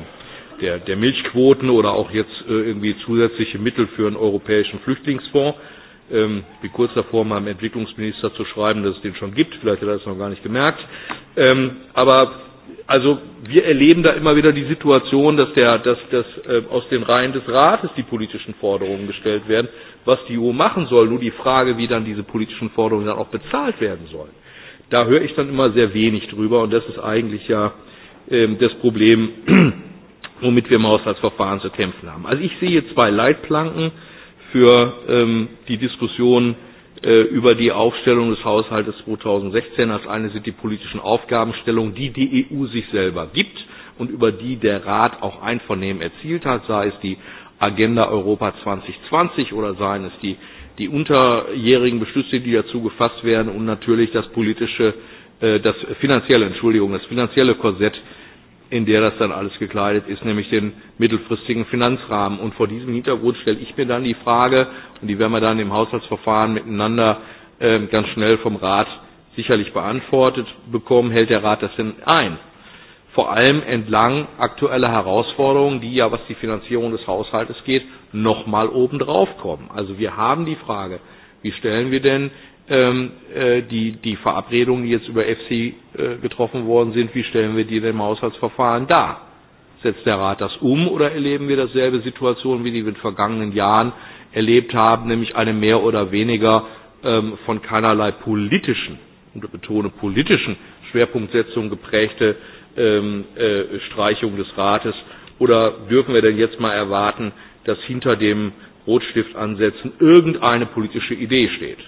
der, der Milchquoten oder auch jetzt äh, irgendwie zusätzliche Mittel für einen europäischen Flüchtlingsfonds. Ähm, ich bin kurz davor, meinem Entwicklungsminister zu schreiben, dass es den schon gibt. Vielleicht hat er das noch gar nicht gemerkt. Ähm, aber also wir erleben da immer wieder die Situation, dass, der, dass, dass äh, aus den Reihen des Rates die politischen Forderungen gestellt werden, was die EU e machen soll. Nur die Frage, wie dann diese politischen Forderungen dann auch bezahlt werden sollen. Da höre ich dann immer sehr wenig drüber und das ist eigentlich ja äh, das Problem womit wir im Haushaltsverfahren zu kämpfen haben. Also ich sehe zwei Leitplanken für ähm, die Diskussion äh, über die Aufstellung des Haushaltes 2016. Als eine sind die politischen Aufgabenstellungen, die die EU sich selber gibt und über die der Rat auch Einvernehmen erzielt hat, sei es die Agenda Europa 2020 oder seien es die, die unterjährigen Beschlüsse, die dazu gefasst werden und natürlich das politische, äh, das finanzielle, Entschuldigung, das finanzielle Korsett in der das dann alles gekleidet ist, nämlich den mittelfristigen Finanzrahmen. Und vor diesem Hintergrund stelle ich mir dann die Frage, und die werden wir dann im Haushaltsverfahren miteinander äh, ganz schnell vom Rat sicherlich beantwortet bekommen, hält der Rat das denn ein? Vor allem entlang aktueller Herausforderungen, die ja, was die Finanzierung des Haushaltes geht, nochmal obendrauf kommen. Also wir haben die Frage, wie stellen wir denn ähm, äh, die, die Verabredungen, die jetzt über EFSI äh, getroffen worden sind, wie stellen wir die denn im Haushaltsverfahren dar? Setzt der Rat das um oder erleben wir dasselbe Situation, wie die wir in den vergangenen Jahren erlebt haben, nämlich eine mehr oder weniger ähm, von keinerlei politischen, und betone politischen Schwerpunktsetzung geprägte ähm, äh, Streichung des Rates? Oder dürfen wir denn jetzt mal erwarten, dass hinter dem Rotstift ansetzen irgendeine politische Idee steht?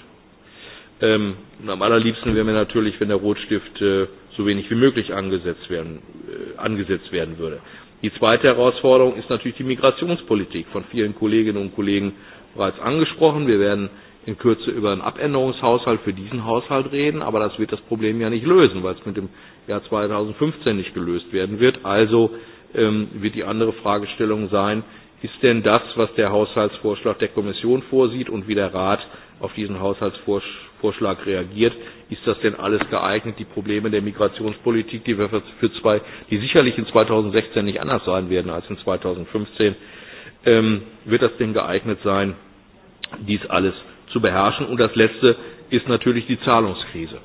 Ähm, am allerliebsten wäre mir natürlich, wenn der Rotstift äh, so wenig wie möglich angesetzt werden, äh, angesetzt werden würde. Die zweite Herausforderung ist natürlich die Migrationspolitik, von vielen Kolleginnen und Kollegen bereits angesprochen. Wir werden in Kürze über einen Abänderungshaushalt für diesen Haushalt reden, aber das wird das Problem ja nicht lösen, weil es mit dem Jahr 2015 nicht gelöst werden wird. Also ähm, wird die andere Fragestellung sein, ist denn das, was der Haushaltsvorschlag der Kommission vorsieht und wie der Rat auf diesen Haushaltsvorschlag Vorschlag reagiert. Ist das denn alles geeignet, die Probleme der Migrationspolitik, die wir für zwei, die sicherlich in 2016 nicht anders sein werden als in 2015, ähm, wird das denn geeignet sein, dies alles zu beherrschen? Und das Letzte ist natürlich die Zahlungskrise.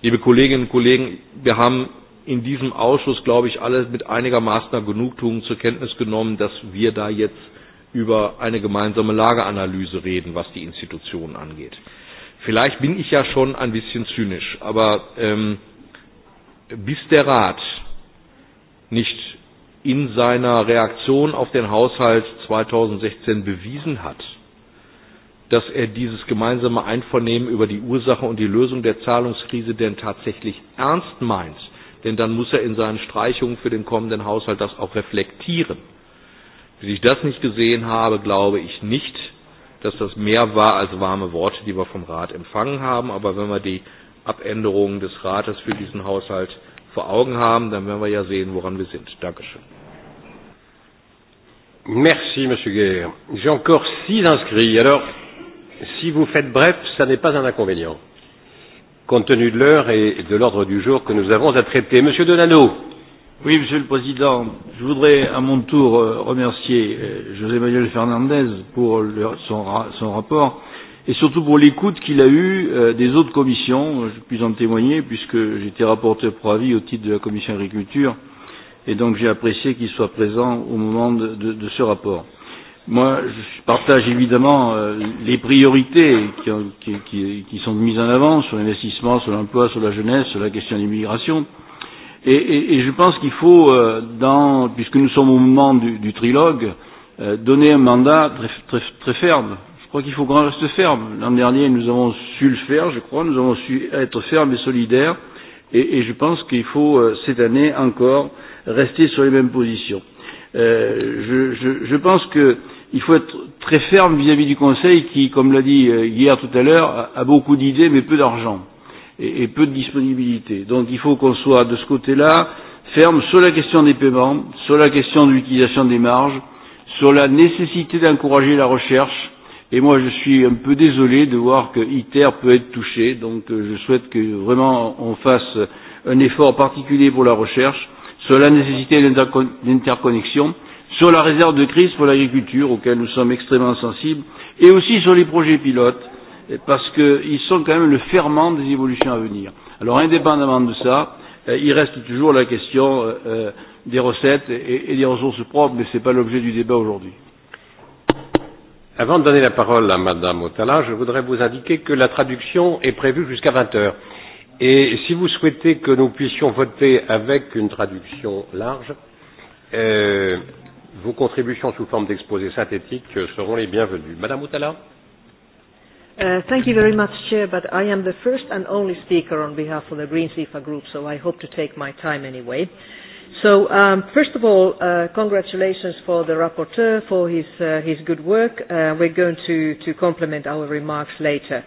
Liebe Kolleginnen und Kollegen, wir haben in diesem Ausschuss, glaube ich, alle mit einigermaßen Genugtuung zur Kenntnis genommen, dass wir da jetzt über eine gemeinsame Lageanalyse reden, was die Institutionen angeht. Vielleicht bin ich ja schon ein bisschen zynisch, aber ähm, bis der Rat nicht in seiner Reaktion auf den Haushalt 2016 bewiesen hat, dass er dieses gemeinsame Einvernehmen über die Ursache und die Lösung der Zahlungskrise denn tatsächlich ernst meint, denn dann muss er in seinen Streichungen für den kommenden Haushalt das auch reflektieren. Wie ich das nicht gesehen habe, glaube ich nicht, dass das mehr war als warme Worte, die wir vom Rat empfangen haben. Aber wenn wir die Abänderungen des Rates für diesen Haushalt vor Augen haben, dann werden wir ja sehen, woran wir sind. Dankeschön. Merci, Monsieur Guerre. J'ai encore six inscrits. Alors, si vous faites bref, ça n'est pas un inconvénient, compte tenu de l'heure et de l'ordre du jour que nous avons à traiter. Monsieur Donano. Oui, Monsieur le Président, je voudrais à mon tour euh, remercier euh, José Manuel Fernandez pour le, son, son rapport et surtout pour l'écoute qu'il a eue euh, des autres commissions. Je puis en témoigner puisque j'étais rapporteur pour avis au titre de la commission agriculture et donc j'ai apprécié qu'il soit présent au moment de, de, de ce rapport. Moi, je partage évidemment les priorités qui, ont, qui, qui, qui sont mises en avant sur l'investissement, sur l'emploi, sur la jeunesse, sur la question de l'immigration. Et, et, et je pense qu'il faut, euh, dans, puisque nous sommes au moment du, du trilogue, euh, donner un mandat très, très, très ferme. Je crois qu'il faut qu'on reste ferme. L'an dernier, nous avons su le faire, je crois, nous avons su être fermes et solidaires, et, et je pense qu'il faut, euh, cette année encore, rester sur les mêmes positions. Euh, je, je, je pense qu'il faut être très ferme vis-à-vis -vis du Conseil qui, comme l'a dit hier euh, tout à l'heure, a, a beaucoup d'idées mais peu d'argent et, et peu de disponibilité. Donc il faut qu'on soit de ce côté-là ferme sur la question des paiements, sur la question de l'utilisation des marges, sur la nécessité d'encourager la recherche. Et moi, je suis un peu désolé de voir que ITER peut être touché. Donc, euh, je souhaite que vraiment on fasse un effort particulier pour la recherche, sur la nécessité d'interconnexion, sur la réserve de crise pour l'agriculture, auquel nous sommes extrêmement sensibles, et aussi sur les projets pilotes parce qu'ils sont quand même le ferment des évolutions à venir. Alors indépendamment de ça, euh, il reste toujours la question euh, euh des recettes et, et des ressources propres, mais ce n'est pas l'objet du débat aujourd'hui. Avant de donner la parole à Madame Otala, je voudrais vous indiquer que la traduction est prévue jusqu'à 20 heures. Et si vous souhaitez que nous puissions voter avec une traduction large, euh, vos contributions sous forme d'exposés synthétiques seront les bienvenues. Madame Outala. Uh, thank you very much, Chair, but I am the first and only speaker on behalf of the Green CIFA Group, so I hope to take my time anyway. So, um, first of all, uh, congratulations for the rapporteur for his, uh, his good work. Uh, we're going to, to complement our remarks later.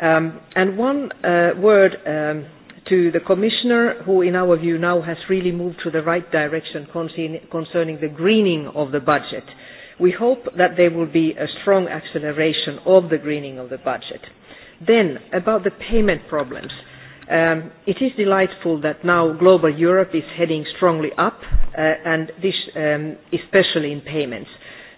Um, and one uh, word um, to the Commissioner, who in our view now has really moved to the right direction concerning the greening of the budget. Uh, We hope that there will be a strong acceleration of the greening of the budget. Then, about the payment problems. Um, it is delightful that now global Europe is heading strongly up, uh, and this um, especially in payments.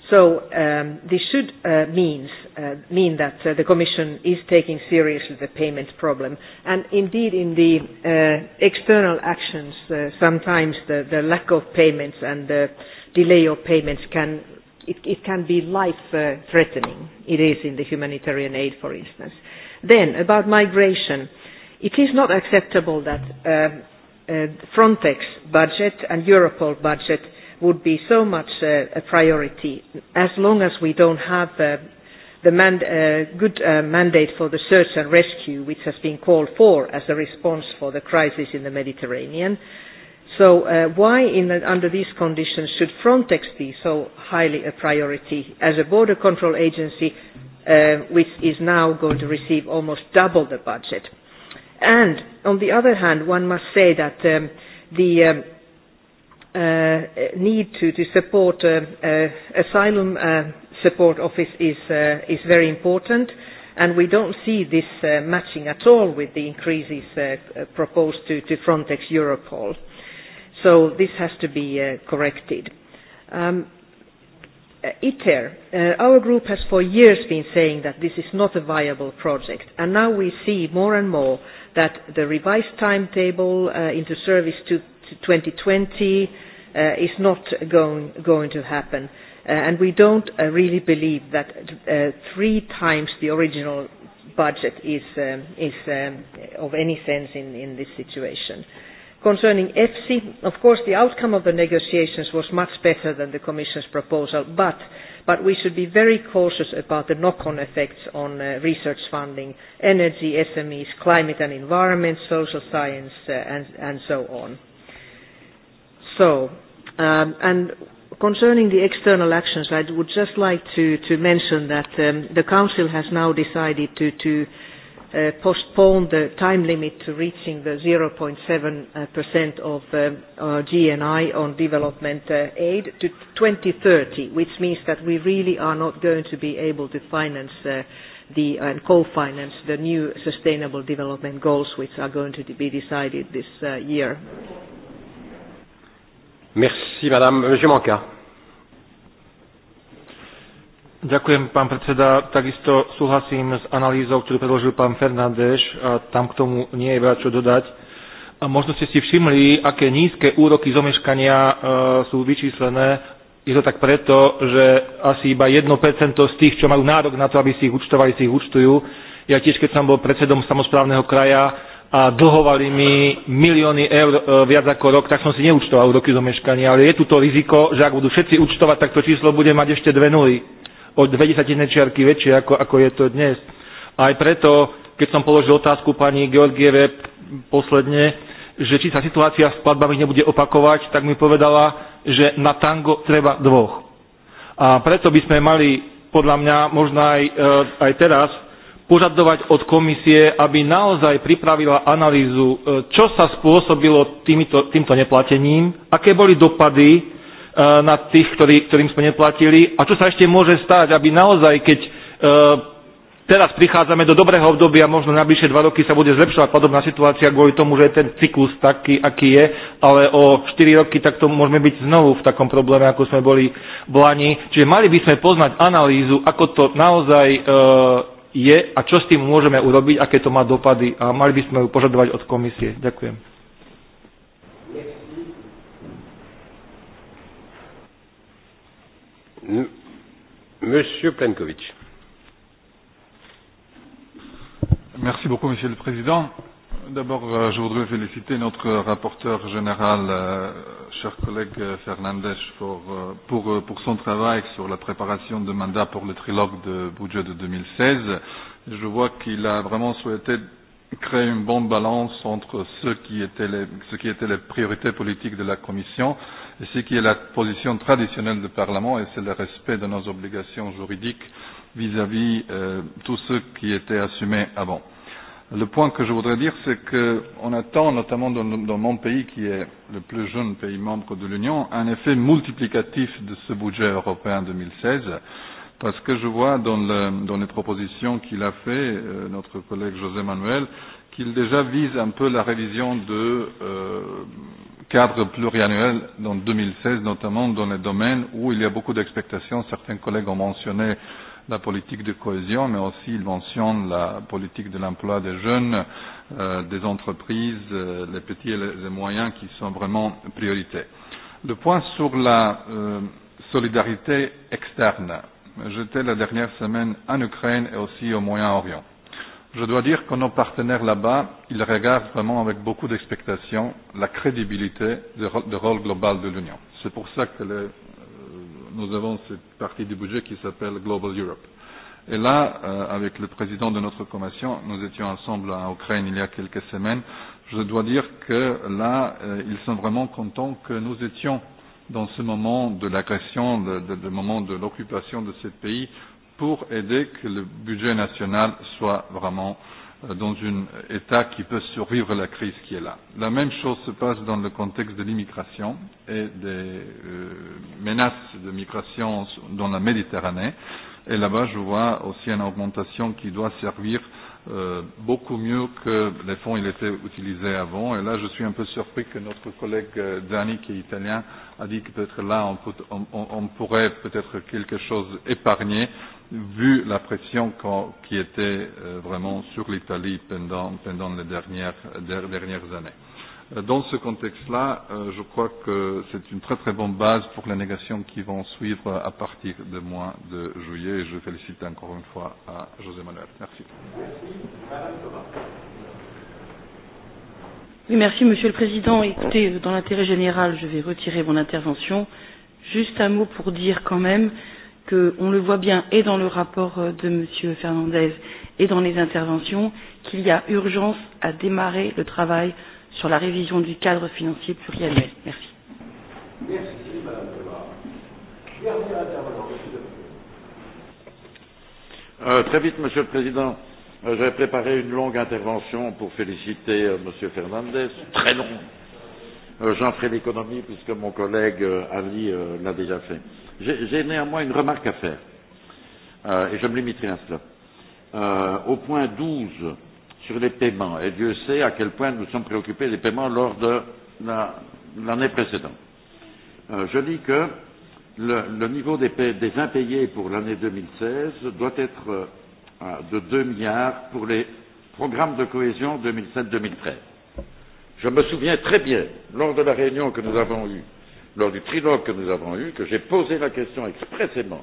So um, this should uh, means, uh, mean that uh, the Commission is taking seriously the payment problem. And indeed, in the uh, external actions, uh, sometimes the, the lack of payments and the delay of payments can it, it can be life-threatening. Uh, it is in the humanitarian aid, for instance. Then, about migration, it is not acceptable that uh, uh, Frontex budget and Europol budget would be so much uh, a priority as long as we don't have uh, the man uh, good uh, mandate for the search and rescue, which has been called for as a response for the crisis in the Mediterranean. Uh, So uh, why in the, under these conditions should Frontex be so highly a priority as a border control agency uh, which is now going to receive almost double the budget? And on the other hand, one must say that um, the um, uh, need to, to support uh, uh, asylum uh, support office is, uh, is very important and we don't see this uh, matching at all with the increases uh, proposed to, to Frontex Europol. So this has to be uh, corrected. Um, uh, ITER, uh, our group has for years been saying that this is not a viable project, and now we see more and more that the revised timetable uh, into service to, to 2020 uh, is not going, going to happen. Uh, and we don't uh, really believe that uh, three times the original budget is, um, is um, of any sense in, in this situation. Uh, Concerning EFSI, of course, the outcome of the negotiations was much better than the Commission's proposal, but, but we should be very cautious about the knock-on effects on uh, research funding, energy, SMEs, climate and environment, social science, uh, and, and so on. So, um, and concerning the external actions, I would just like to, to mention that um, the Council has now decided to, to Uh, postpone the time limit to reaching the 0.7% of um, uh, our uh, GNI on development uh, aid to 2030, which means that we really are not going to be able to finance uh, the, and co-finance the new sustainable development goals which are going to be decided this uh, year. Merci, Madame. Monsieur Manca. Ďakujem, pán predseda. Takisto súhlasím s analýzou, ktorú predložil pán Fernández. A tam k tomu nie je veľa čo dodať. A možno ste si všimli, aké nízke úroky zomeškania e, sú vyčíslené. Je to tak preto, že asi iba 1% z tých, čo majú nárok na to, aby si ich účtovali, si ich účtujú. Ja tiež, keď som bol predsedom samozprávneho kraja a dlhovali mi milióny eur e, viac ako rok, tak som si neúčtoval úroky zomeškania. Ale je tu to riziko, že ak budú všetci účtovať, tak to číslo bude mať ešte dve nuly od 2010 čiarky väčšie, ako, ako je to dnes. Aj preto, keď som položil otázku pani Georgieve posledne, že či sa situácia s platbami nebude opakovať, tak mi povedala, že na tango treba dvoch. A preto by sme mali, podľa mňa, možno aj, eh, aj teraz, požadovať od komisie, aby naozaj pripravila analýzu, eh, čo sa spôsobilo týmito, týmto neplatením, aké boli dopady E, na tých, ktorý, ktorým sme neplatili a čo sa ešte môže stať, aby naozaj, keď e, teraz prichádzame do dobrého obdobia, možno na bližšie dva roky sa bude zlepšovať podobná situácia kvôli tomu, že je ten cyklus taký, aký je, ale o 4 roky takto môžeme byť znovu v takom probléme, ako sme boli v Lani. Čiže mali by sme poznať analýzu, ako to naozaj e, je a čo s tým môžeme urobiť, aké to má dopady a mali by sme ju požadovať od komisie. Ďakujem. Monsieur Plenkovic. Merci beaucoup, Monsieur le Président. D'abord, euh, je voudrais féliciter notre rapporteur général, euh, cher collègue euh, Fernandez, pour, pour, pour son travail sur la préparation de mandat pour le trilogue de budget de 2016. Je vois qu'il a vraiment souhaité créer une bonne balance entre ce qui était les, ce qui était les priorités politiques de la Commission et ce qui est la position traditionnelle du Parlement, et c'est le respect de nos obligations juridiques vis-à-vis -vis, euh, tous ceux qui étaient assumés avant. Le point que je voudrais dire, c'est qu'on attend, notamment dans, dans mon pays, qui est le plus jeune pays membre de l'Union, un effet multiplicatif de ce budget européen 2016, parce que je vois dans, le, dans les propositions qu'il a fait, euh, notre collègue José Manuel, qu'il déjà vise un peu la révision de, euh, cadre pluriannuel dans 2016, notamment dans les domaines où il y a beaucoup d'expectations. Certains collègues ont mentionné la politique de cohésion, mais aussi ils mentionnent la politique de l'emploi des jeunes, euh, des entreprises, euh, les petits et les, les moyens qui sont vraiment priorités. Le point sur la euh, solidarité externe. J'étais la dernière semaine en Ukraine et aussi au Moyen-Orient. Je dois dire que nos partenaires là-bas, ils regardent vraiment avec beaucoup d'expectation la crédibilité du rôle, global de l'Union. C'est pour ça que le, euh, nous avons cette partie du budget qui s'appelle Global Europe. Et là, euh, avec le président de notre commission, nous étions ensemble en Ukraine il y a quelques semaines. Je dois dire que là, euh, ils sont vraiment contents que nous étions dans ce moment de l'agression, le, le moment de l'occupation de ce pays, pour aider que le budget national soit vraiment euh, dans un État qui peut survivre à la crise qui est là. La même chose se passe dans le contexte de l'immigration et des euh, menaces de migration dans la Méditerranée. Et là-bas, je vois aussi une augmentation qui doit servir euh, euh, beaucoup mieux que les fonds il étaient utilisés avant. Et là, je suis un peu surpris que notre collègue Dani, euh, qui est italien, a dit que peut-être là, on, peut, on, on pourrait peut-être quelque chose épargner, vu la pression qu qui était euh, vraiment sur l'Italie pendant, pendant les dernières, dernières années. Euh, dans ce contexte-là, euh, je crois que c'est une très très bonne base pour les négations qui vont suivre à partir du mois de juillet et je félicite encore une fois à José Manuel. Merci. Oui, merci Monsieur le Président. Écoutez, euh, dans l'intérêt général, je vais retirer mon intervention. Juste un mot pour dire quand même qu'on le voit bien et dans le rapport de Monsieur Fernandez et dans les interventions qu'il y a urgence à démarrer le travail sur la révision du cadre financier pluriannuel. Merci. Merci, Madame euh, Très vite, Monsieur le Président. Euh, J'avais préparé une longue intervention pour féliciter euh, Monsieur Fernandez, très long. Euh, J'en ferai l'économie puisque mon collègue euh, Ali euh, l'a déjà fait. J'ai néanmoins une remarque à faire euh, et je me limiterai à cela. Euh, au point 12 sur les paiements. Et Dieu sait à quel point nous sommes préoccupés des paiements lors de l'année la, précédente. Euh, je dis que le, le niveau des, pay, des impayés pour l'année 2016 doit être euh, de 2 milliards pour les programmes de cohésion 2007-2013. Je me souviens très bien, lors de la réunion que nous avons eue, lors du trilogue que nous avons eu, que j'ai posé la question expressément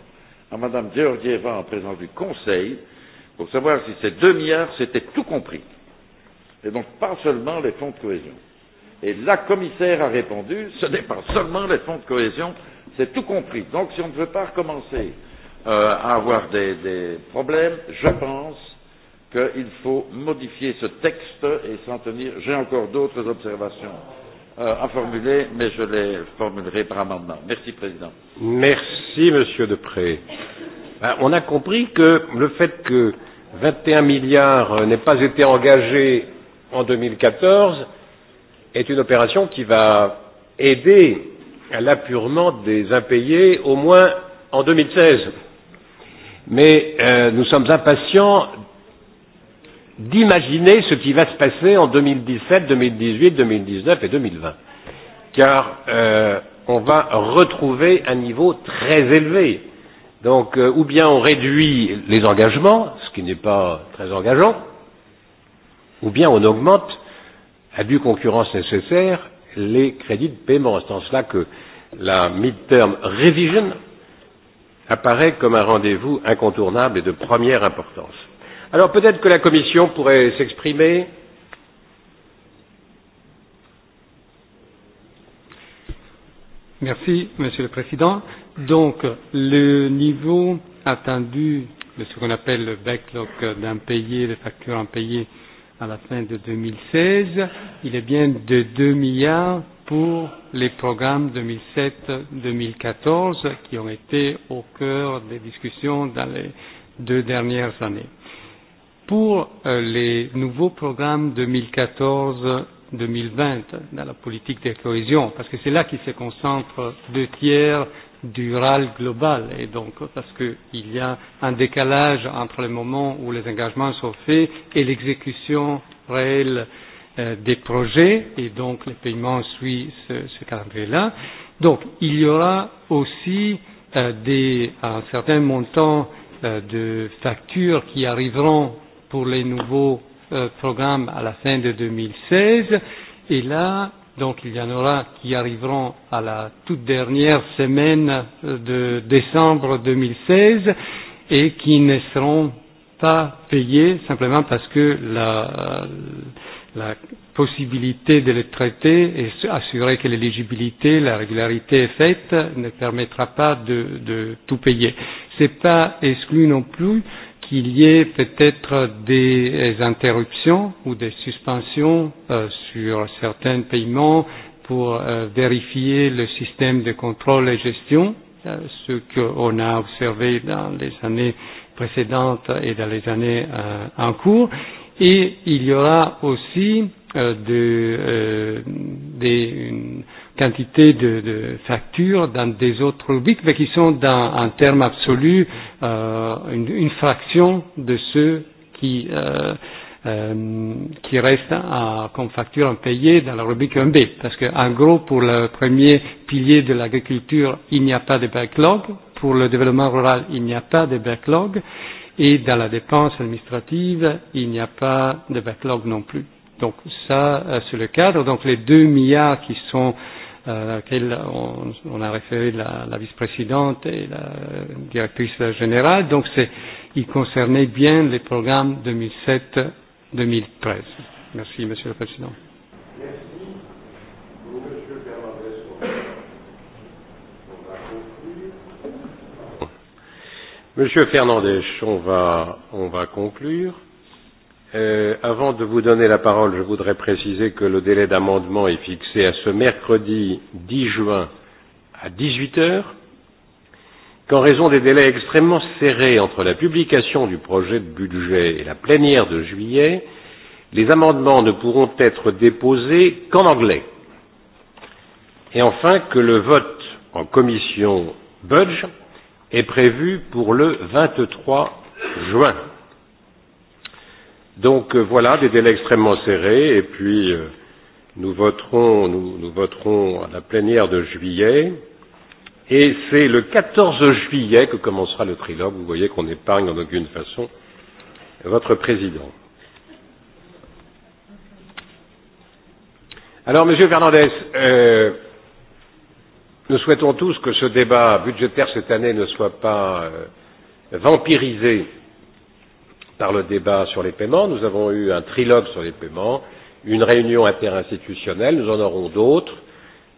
à Mme Georgieva en présence du Conseil, pour savoir si ces deux milliards, c'était tout compris. Et donc pas seulement les fonds de cohésion. Et la commissaire a répondu, ce n'est pas seulement les fonds de cohésion, c'est tout compris. Donc si on ne veut pas recommencer euh, à avoir des, des problèmes, je pense qu'il faut modifier ce texte et s'en tenir. J'ai encore d'autres observations euh, à formuler, mais je les formulerai par amendement. Merci, Président. Merci, Monsieur Depré. Ben, on a compris que le fait que 21 milliards euh, n'aient pas été engagés en 2014 est une opération qui va aider à l'appurement des impayés au moins en 2016. Mais euh, nous sommes impatients d'imaginer ce qui va se passer en 2017, 2018, 2019 et 2020. Car euh, on va retrouver un niveau très élevé Donc, euh, ou bien on réduit les engagements, ce qui n'est pas très engageant, ou bien on augmente, à due concurrence nécessaire, les crédits de paiement. C'est en cela que la mid term revision apparaît comme un rendez-vous incontournable et de première importance. Alors peut-être que la Commission pourrait s'exprimer. Merci, Monsieur le Président. Donc, le niveau attendu de ce qu'on appelle le backlog d'impayés, les factures impayées à la fin de 2016, il est bien de 2 milliards pour les programmes 2007-2014 qui ont été au cœur des discussions dans les deux dernières années. Pour euh, les nouveaux programmes 2014-2020 dans la politique de cohésion, parce que c'est là qu'il se concentre deux tiers du RAL global. Et donc, parce qu'il y a un décalage entre le moment où les engagements sont faits et l'exécution réelle euh, des projets, et donc les paiements suivent ce, ce calendrier-là. Donc, il y aura aussi euh, des, un certain montant euh, de factures qui arriveront pour les nouveaux euh, programmes à la fin de 2016. Et là, Donc il y en aura qui arriveront à la toute dernière semaine de décembre 2016 et qui ne seront pas payés simplement parce que la, la possibilité de les traiter et assurer que l'éligibilité, la régularité est faite ne permettra pas de, de tout payer. Ce n'est pas exclu non plus euh, qu'il y ait peut-être des euh, interruptions ou des suspensions euh, sur certains paiements pour euh, vérifier le système de contrôle et gestion, euh, ce qu'on a observé dans les années précédentes et dans les années euh, en cours. Et il y aura aussi euh, de, euh, des, une, euh, quantité de, de factures dans des autres orbites, mais qui sont dans un terme absolu euh, une, une fraction de ceux qui, euh, euh, qui restent à, comme facture impayée dans la rubrique 1B. Parce qu'en gros, pour le premier pilier de l'agriculture, il n'y a pas de backlog. Pour le développement rural, il n'y a pas de backlog. Et dans la dépense administrative, il n'y a pas de backlog non plus. Donc ça, euh, c'est le cadre. Donc les 2 milliards qui sont euh, à laquelle on, on a référé la, la vice-présidente et la directrice générale. Donc, il concernait bien les programmes 2007-2013. Merci, Monsieur le Président. Monsieur Fernandez, on va, on va conclure. Euh, avant de vous donner la parole, je voudrais préciser que le délai d'amendement est fixé à ce mercredi 10 juin à 18 heures, qu'en raison des délais extrêmement serrés entre la publication du projet de budget et la plénière de juillet, les amendements ne pourront être déposés qu'en anglais. Et enfin, que le vote en commission budge est prévu pour le 23 juin. Donc euh, voilà, des délais extrêmement serrés, et puis euh, nous, voterons, nous, nous voterons à la plénière de juillet, et c'est le 14 juillet que commencera le trilogue. Vous voyez qu'on épargne en aucune façon votre président. Alors, Monsieur Fernandez, euh, nous souhaitons tous que ce débat budgétaire cette année ne soit pas euh, vampirisé par le débat sur les paiements, nous avons eu un trilogue sur les paiements, une réunion interinstitutionnelle, nous en aurons d'autres.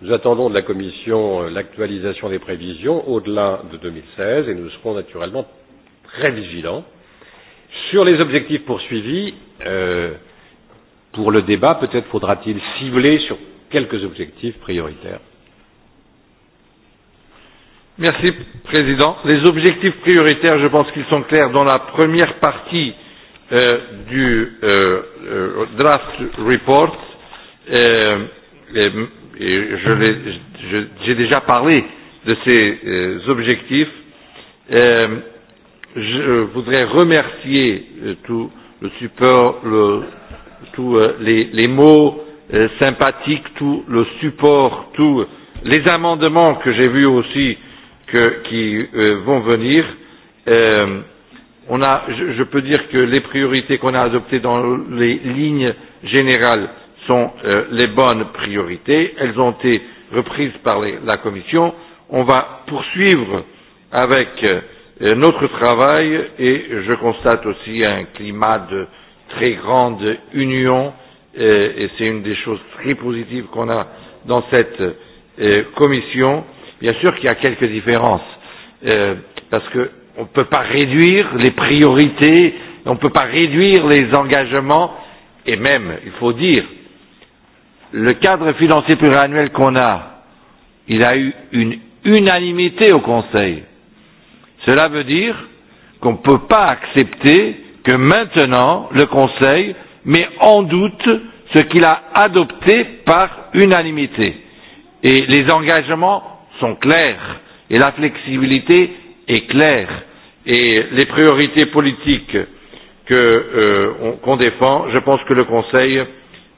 Nous attendons de la Commission euh, l'actualisation des prévisions au-delà de 2016 et nous serons naturellement très vigilants. Sur les objectifs poursuivis, euh, pour le débat, peut-être faudra-t-il cibler sur quelques objectifs prioritaires Merci, Président. Les objectifs prioritaires, je pense qu'ils sont clairs dans la première partie euh, du euh, euh, draft report. Euh, et, et je j'ai déjà parlé de ces euh, objectifs. Euh, je voudrais remercier euh, tout le support, le, tous euh, les, les mots euh, sympathiques, tout le support, tous les amendements que j'ai vus aussi euh, que, qui euh, vont venir. Euh, on a, je, je peux dire que les priorités qu'on a adoptées dans les lignes générales sont euh, les bonnes priorités. Elles ont été reprises par les, la Commission. On va poursuivre avec euh, notre travail et je constate aussi un climat de très grande union euh, et c'est une des choses très positives qu'on a dans cette euh, commission. Bien sûr qu'il y a quelques différences, euh, parce qu'on ne peut pas réduire les priorités, on ne peut pas réduire les engagements, et même, il faut dire, le cadre financier pluriannuel qu'on a, il a eu une unanimité au Conseil. Cela veut dire qu'on ne peut pas accepter que maintenant le Conseil met en doute ce qu'il a adopté par unanimité. Et les engagements sont claires et la flexibilité est claire et les priorités politiques euh, qu'on euh, qu défend, je pense que le Conseil,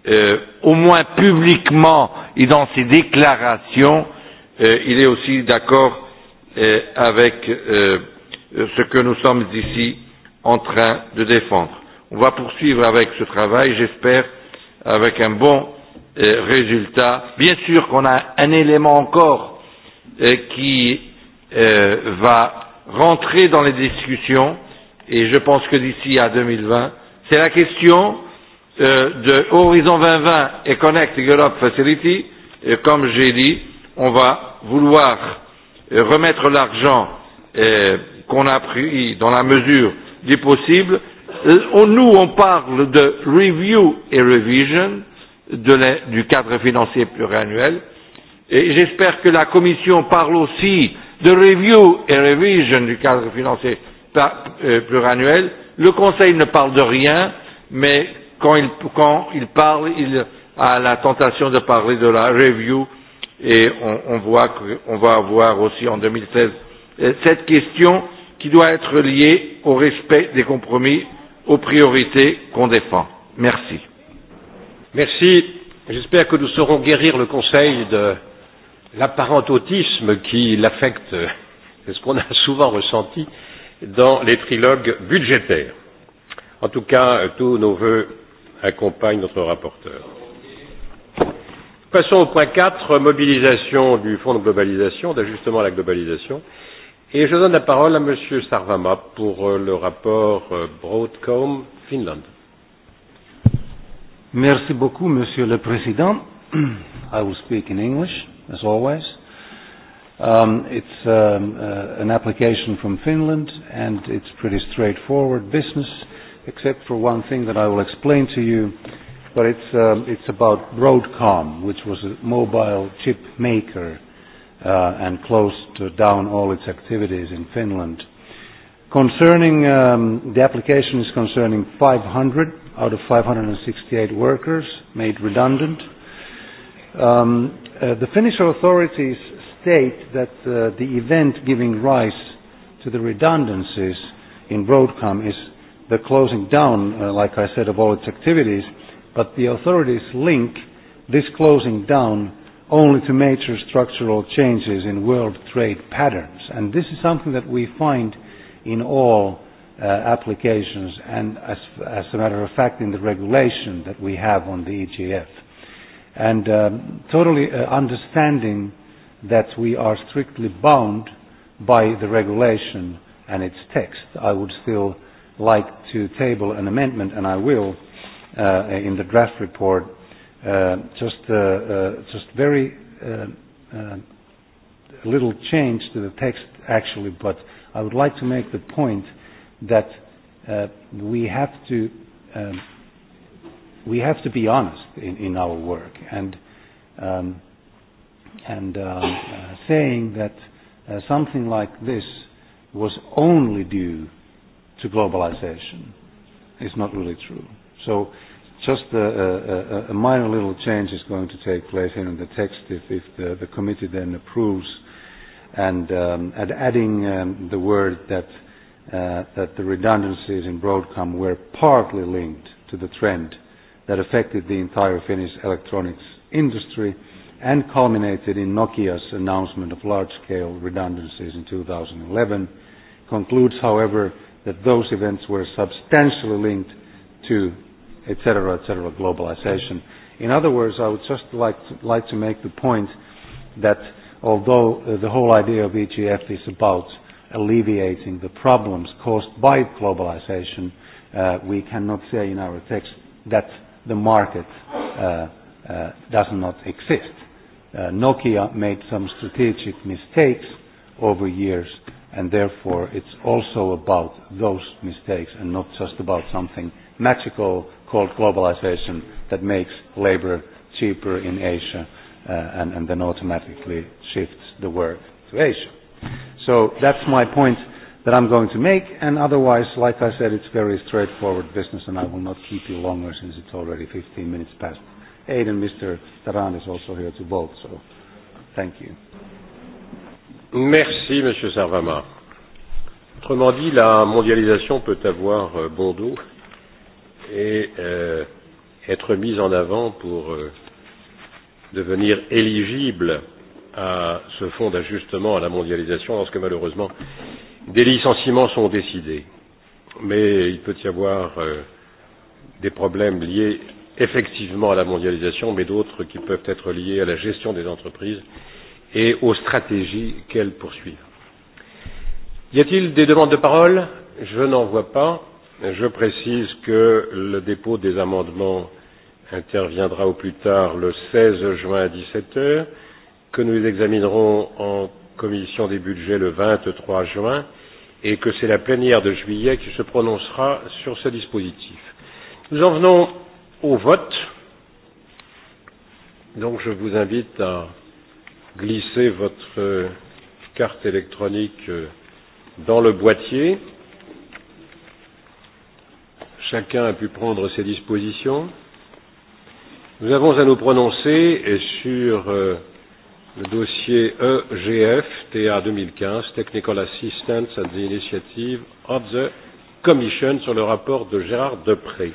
euh, au moins publiquement et dans ses déclarations, euh, il est aussi d'accord euh, avec euh, ce que nous sommes ici en train de défendre. On va poursuivre avec ce travail, j'espère, avec un bon euh, résultat. Bien sûr qu'on a un élément encore Euh, qui euh, va rentrer dans les discussions et je pense que d'ici à 2020, c'est la question euh, de Horizon 2020 et Connect Europe Facility. Et comme j'ai dit, on va vouloir remettre l'argent qu'on a pris dans la mesure du possible. nous, on parle de review et revision de la, du cadre financier pluriannuel Et j'espère que la Commission parle aussi de review et revision du cadre financier euh, pluriannuel. Le Conseil ne parle de rien, mais quand il, quand il parle, il a la tentation de parler de la review et on, on voit qu'on va avoir aussi en 2016 euh, cette question qui doit être liée au respect des compromis, aux priorités qu'on défend. Merci. Merci. J'espère que nous saurons guérir le Conseil de l'apparent autisme qui l'affecte, c'est ce qu'on a souvent ressenti dans les trilogues budgétaires. En tout cas, tous nos voeux accompagnent notre rapporteur. Passons au point 4, mobilisation du Fonds de globalisation, d'ajustement à la globalisation. Et je donne la parole à M. Sarvama pour euh, le rapport euh, Broadcom Finland. Merci beaucoup, Monsieur le Président. I will speak in English as always. Um, it's um, uh, an application from Finland, and it's pretty straightforward business, except for one thing that I will explain to you. But it's, um, it's about Broadcom, which was a mobile chip maker uh, and closed uh, down all its activities in Finland. Concerning um, the application is concerning 500 out of 568 workers made redundant. Um, Uh, the Finnish authorities state that uh, the event giving rise to the redundancies in Broadcom is the closing down, uh, like I said, of all its activities, but the authorities link this closing down only to major structural changes in world trade patterns. And this is something that we find in all uh, applications and, as, as a matter of fact, in the regulation that we have on the EGF and um, totally uh, understanding that we are strictly bound by the regulation and its text. I would still like to table an amendment, and I will, uh, in the draft report, uh, just, uh, uh, just very uh, uh, little change to the text, actually, but I would like to make the point that uh, we have to um, we have to be honest in, in our work and um, and um, uh, saying that uh, something like this was only due to globalization is not really true. So just a, a, a minor little change is going to take place here in the text if, if the, the committee then approves and, um, and adding um, the word that, uh, that the redundancies in Broadcom were partly linked to the trend that affected the entire Finnish electronics industry and culminated in Nokia's announcement of large-scale redundancies in 2011, concludes, however, that those events were substantially linked to, et cetera, et cetera, globalization. In other words, I would just like to, like to make the point that although uh, the whole idea of EGF is about alleviating the problems caused by globalization, uh, we cannot say in our text that the market uh, uh, does not exist. Uh, Nokia made some strategic mistakes over years and therefore it's also about those mistakes and not just about something magical called globalization that makes labor cheaper in Asia uh, and, and then automatically shifts the work to Asia. So that's my point that I'm going to make, and otherwise, like I said, it's very straightforward business, and I will not keep you longer since it's already 15 minutes past 8, and Mr. Taran is also here to vote, so thank you. Merci, Monsieur Sarvama. Autrement dit, la mondialisation peut avoir euh, bon dos et euh, être mise en avant pour euh, devenir éligible à ce fonds d'ajustement à la mondialisation, lorsque malheureusement des licenciements sont décidés, mais il peut y avoir euh, des problèmes liés effectivement à la mondialisation, mais d'autres qui peuvent être liés à la gestion des entreprises et aux stratégies qu'elles poursuivent. Y a-t-il des demandes de parole Je n'en vois pas. Je précise que le dépôt des amendements interviendra au plus tard le 16 juin à 17 heures, que nous examinerons en commission des budgets le 23 juin et que c'est la plénière de juillet qui se prononcera sur ce dispositif. Nous en venons au vote. Donc je vous invite à glisser votre carte électronique dans le boîtier. Chacun a pu prendre ses dispositions. Nous avons à nous prononcer sur euh, Le dossier EGF TA 2015, Technical Assistance and the Initiative of the Commission sur le rapport de Gérard Depré.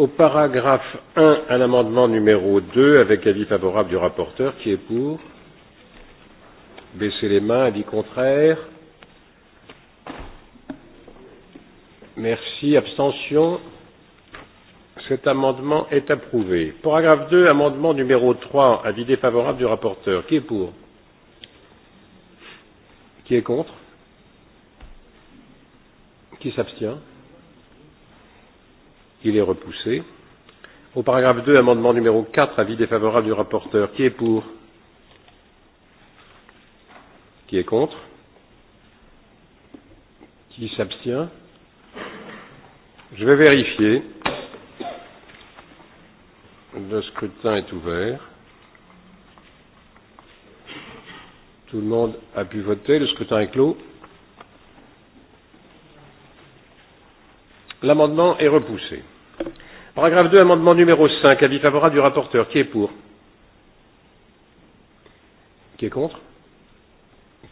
Au paragraphe 1, un amendement numéro 2 avec avis favorable du rapporteur qui est pour. Baissez les mains, avis contraire. Merci. Abstention. Cet amendement est approuvé. Paragraphe 2, amendement numéro 3, avis défavorable du rapporteur. Qui est pour Qui est contre Qui s'abstient Il est repoussé. Au paragraphe 2, amendement numéro 4, avis défavorable du rapporteur. Qui est pour Qui est contre Qui s'abstient Je vais vérifier. Le scrutin est ouvert. Tout le monde a pu voter. Le scrutin est clos. L'amendement est repoussé. Paragraphe 2, amendement numéro 5, avis favorable du rapporteur. Qui est pour Qui est contre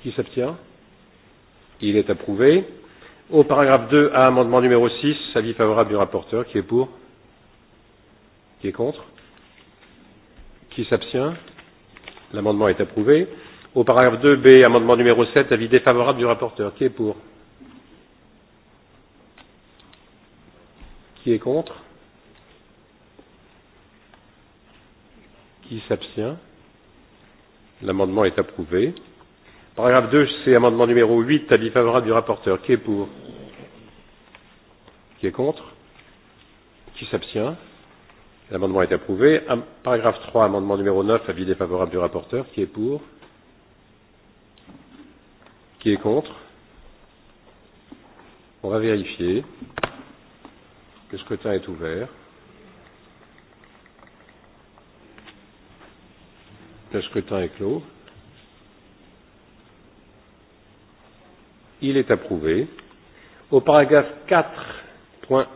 Qui s'abstient Il est approuvé. Au paragraphe 2, à amendement numéro 6, avis favorable du rapporteur. Qui est pour Qui est contre Qui s'abstient L'amendement est approuvé. Au paragraphe 2B, amendement numéro 7, avis défavorable du rapporteur. Qui est pour Qui est contre Qui s'abstient L'amendement est approuvé. Paragraphe 2, c'est amendement numéro 8, avis favorable du rapporteur. Qui est pour Qui est contre Qui s'abstient L'amendement est approuvé. Un, paragraphe 3, amendement numéro 9, avis défavorable du rapporteur. Qui est pour Qui est contre On va vérifier. Le scrutin est ouvert. Le scrutin est clos. Il est approuvé. Au paragraphe 4.1,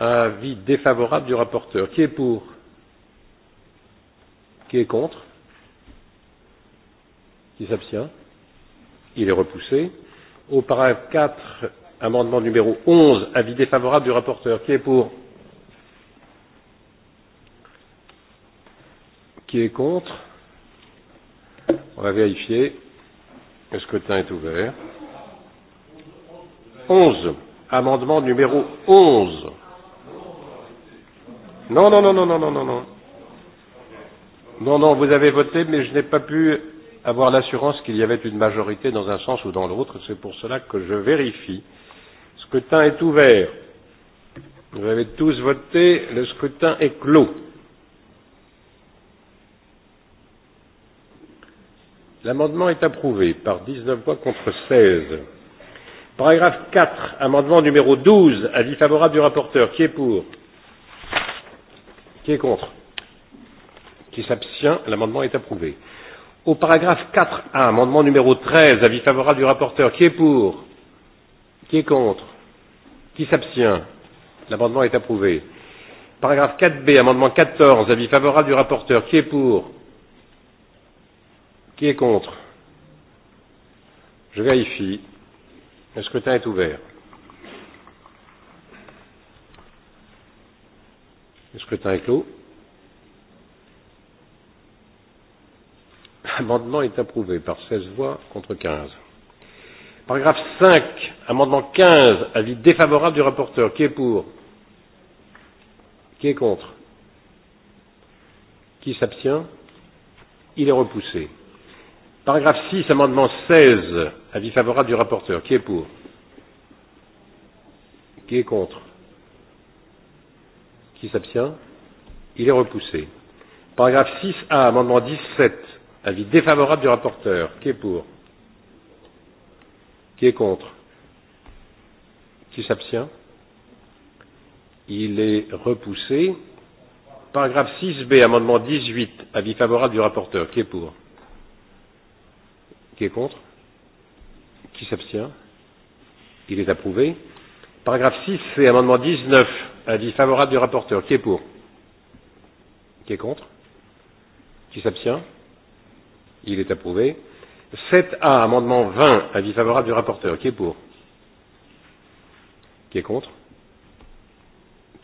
Avis défavorable du rapporteur. Qui est pour Qui est contre Qui s'abstient Il est repoussé. Au paragraphe 4, amendement numéro 11, avis défavorable du rapporteur. Qui est pour Qui est contre On va vérifier. Le scrutin est ouvert. 11. Amendement numéro 11. Non, non, non, non, non, non, non, non. Non, non, vous avez voté, mais je n'ai pas pu avoir l'assurance qu'il y avait une majorité dans un sens ou dans l'autre. C'est pour cela que je vérifie. Le scrutin est ouvert. Vous avez tous voté. Le scrutin est clos. L'amendement est approuvé par 19 voix contre 16. Paragraphe 4, amendement numéro 12, avis favorable du rapporteur. Qui est pour Qui est contre Qui s'abstient L'amendement est approuvé. Au paragraphe 4A, amendement numéro 13, avis favorable du rapporteur. Qui est pour Qui est contre Qui s'abstient L'amendement est approuvé. Paragraphe 4B, amendement 14, avis favorable du rapporteur. Qui est pour Qui est contre Je vérifie. Le scrutin est ouvert. Iskrutin est clos. est approuvé par 16 voix contre 15. Paragraphe 5, amendement 15, avis défavorable du rapporteur. Qui est pour Qui est contre Qui s'abstient Il est repoussé. Paragraphe 6, amendement 16, avis favorable du rapporteur. Qui est pour Qui est contre Qui s'abstient Il est repoussé. Paragraphe 6A, amendement 17. Avis défavorable du rapporteur. Qui est pour Qui est contre Qui s'abstient Il est repoussé. Paragraphe 6B, amendement 18. Avis favorable du rapporteur. Qui est pour Qui est contre Qui s'abstient Il est approuvé. Paragraphe 6C, amendement 19. Avis favorable du rapporteur. Qui est pour Qui est contre Qui s'abstient Il est approuvé. 7A, amendement 20, avis favorable du rapporteur. Qui est pour Qui est contre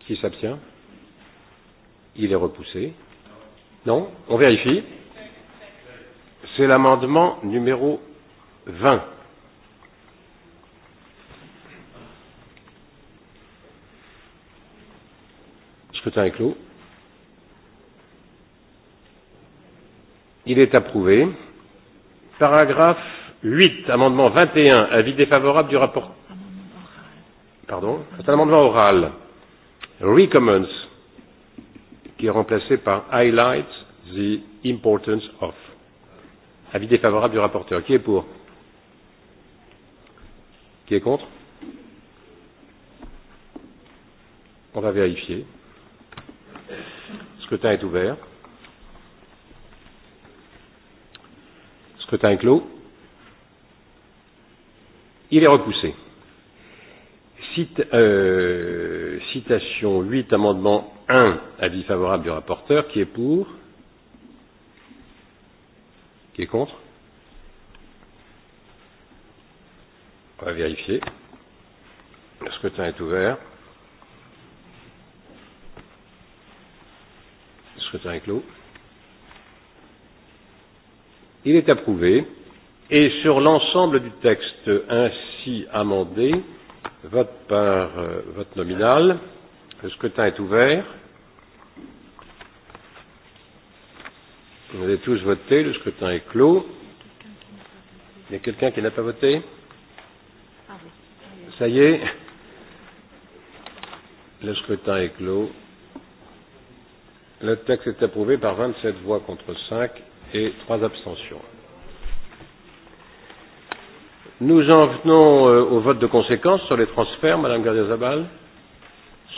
Qui s'abstient Il est repoussé. Non On vérifie. C'est l'amendement numéro 20. Scrutin clos. Il est approuvé. Paragraphe 8, amendement 21, avis défavorable du rapport. Pardon C'est un amendement oral. Recommends, qui est remplacé par highlight the importance of. Avis défavorable du rapporteur. Qui est pour Qui est contre On va vérifier scrutin est ouvert. Scrutin est clos. Il est repoussé. Cite, euh, citation 8, amendement 1, avis favorable du rapporteur. Qui est pour Qui est contre On va vérifier. Le scrutin est ouvert. scrutin est clos. Il est approuvé. Et sur l'ensemble du texte ainsi amendé, vote par euh, vote nominal. Le scrutin est ouvert. Vous avez tous voté, le scrutin est clos. Il y a quelqu'un qui n'a pas voté Ça y est, le scrutin est clos. Le texte est approuvé par 27 voix contre 5 et 3 abstentions. Nous en venons euh, au vote de conséquence sur les transferts, Madame Gardiazabal.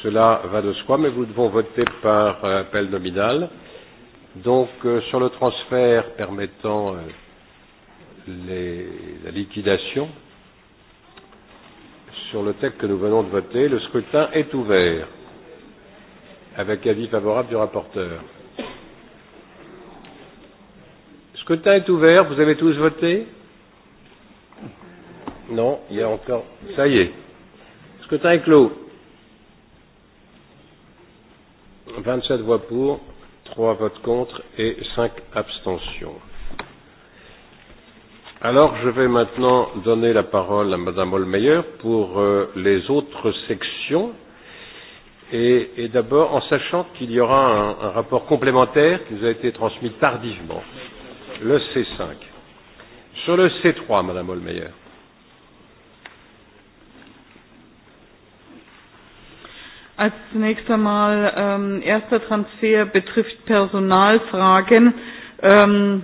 Cela va de soi, mais nous devons voter par euh, appel nominal. Donc, euh, sur le transfert permettant les, la liquidation, sur le texte que nous venons de voter, le scrutin est ouvert avec avis favorable du rapporteur. Scrutin est ouvert, vous avez tous voté Non, il y a encore. Ça y est. Scrutin est clos. 27 voix pour, 3 votes contre et 5 abstentions. Alors, je vais maintenant donner la parole à Madame Olmeyer pour euh, les autres sections Et, et d'abord en sachant qu'il y aura un, un rapport complémentaire qui nous a été transmis tardivement, le C5. Sur le C3, Madame Holmeyer. Als zunächst einmal ähm, erster Transfer betrifft Personalfragen. Ähm,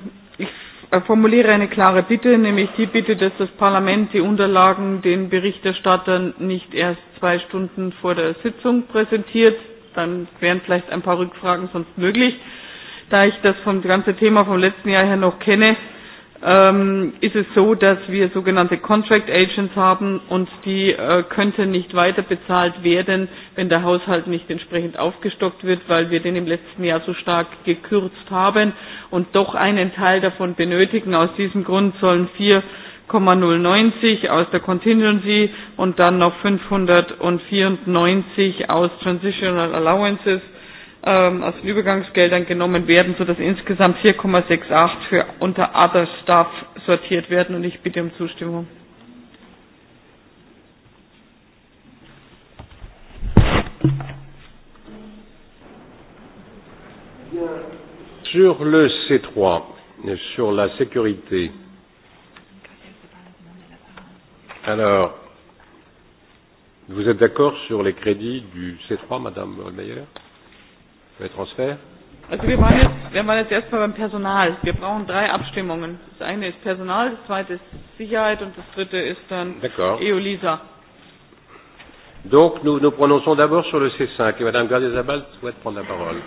Äh, formuliere eine klare Bitte, nämlich die Bitte, dass das Parlament die Unterlagen den Berichterstattern nicht erst zwei Stunden vor der Sitzung präsentiert. Dann wären vielleicht ein paar Rückfragen sonst möglich. Da ich das vom ganze Thema vom letzten Jahr her noch kenne, ähm, ist es so, dass wir sogenannte Contract Agents haben und die äh, könnten nicht weiter bezahlt werden, wenn der Haushalt nicht entsprechend aufgestockt wird, weil wir den im letzten Jahr so stark gekürzt haben und doch einen Teil davon benötigen. Aus diesem Grund sollen 4,090 aus der Contingency und dann noch 594 aus Transitional Allowances ähm, aus den Übergangsgeldern genommen werden, sodass insgesamt 4,68 für unter Other Staff sortiert werden und ich bitte um Zustimmung. Sur le C3, sur la sécurité, alors, vous êtes d'accord sur les crédits du C3, Madame Holmeyer Wer Transfer? Also wir waren, jetzt, wir waren jetzt erstmal beim Personal. Wir brauchen drei Abstimmungen. Das eine ist Personal, das zweite ist Sicherheit und das dritte ist dann EU-LISA. Donc nous nous prononçons d'abord sur le C5 et Madame Gardezabal souhaite prendre la parole.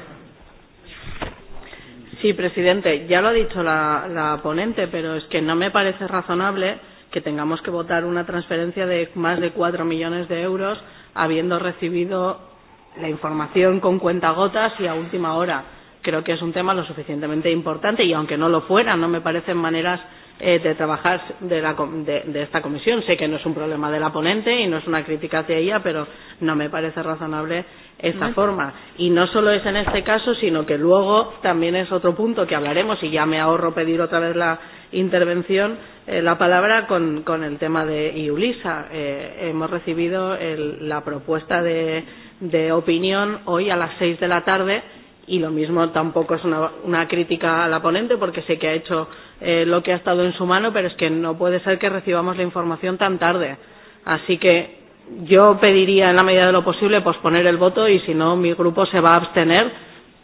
Sí, presidente, ya lo ha dicho la, la ponente, pero es que no me parece razonable que tengamos que votar una transferencia de más de cuatro millones de euros habiendo recibido la información con cuentagotas y a última hora. Creo que es un tema lo suficientemente importante y aunque no lo fuera, no me parecen maneras eh, de trabajar de, la, de, de esta comisión. Sé que no es un problema de la ponente y no es una crítica hacia ella, pero no me parece razonable esta no. forma. Y no solo es en este caso, sino que luego también es otro punto que hablaremos y ya me ahorro pedir otra vez la intervención, eh, la palabra con, con el tema de IULISA. Eh, hemos recibido el, la propuesta de de opinión hoy a las seis de la tarde y lo mismo tampoco es una, una crítica a la ponente porque sé que ha hecho eh, lo que ha estado en su mano, pero es que no puede ser que recibamos la información tan tarde. Así que yo pediría en la medida de lo posible posponer el voto y si no mi grupo se va a abstener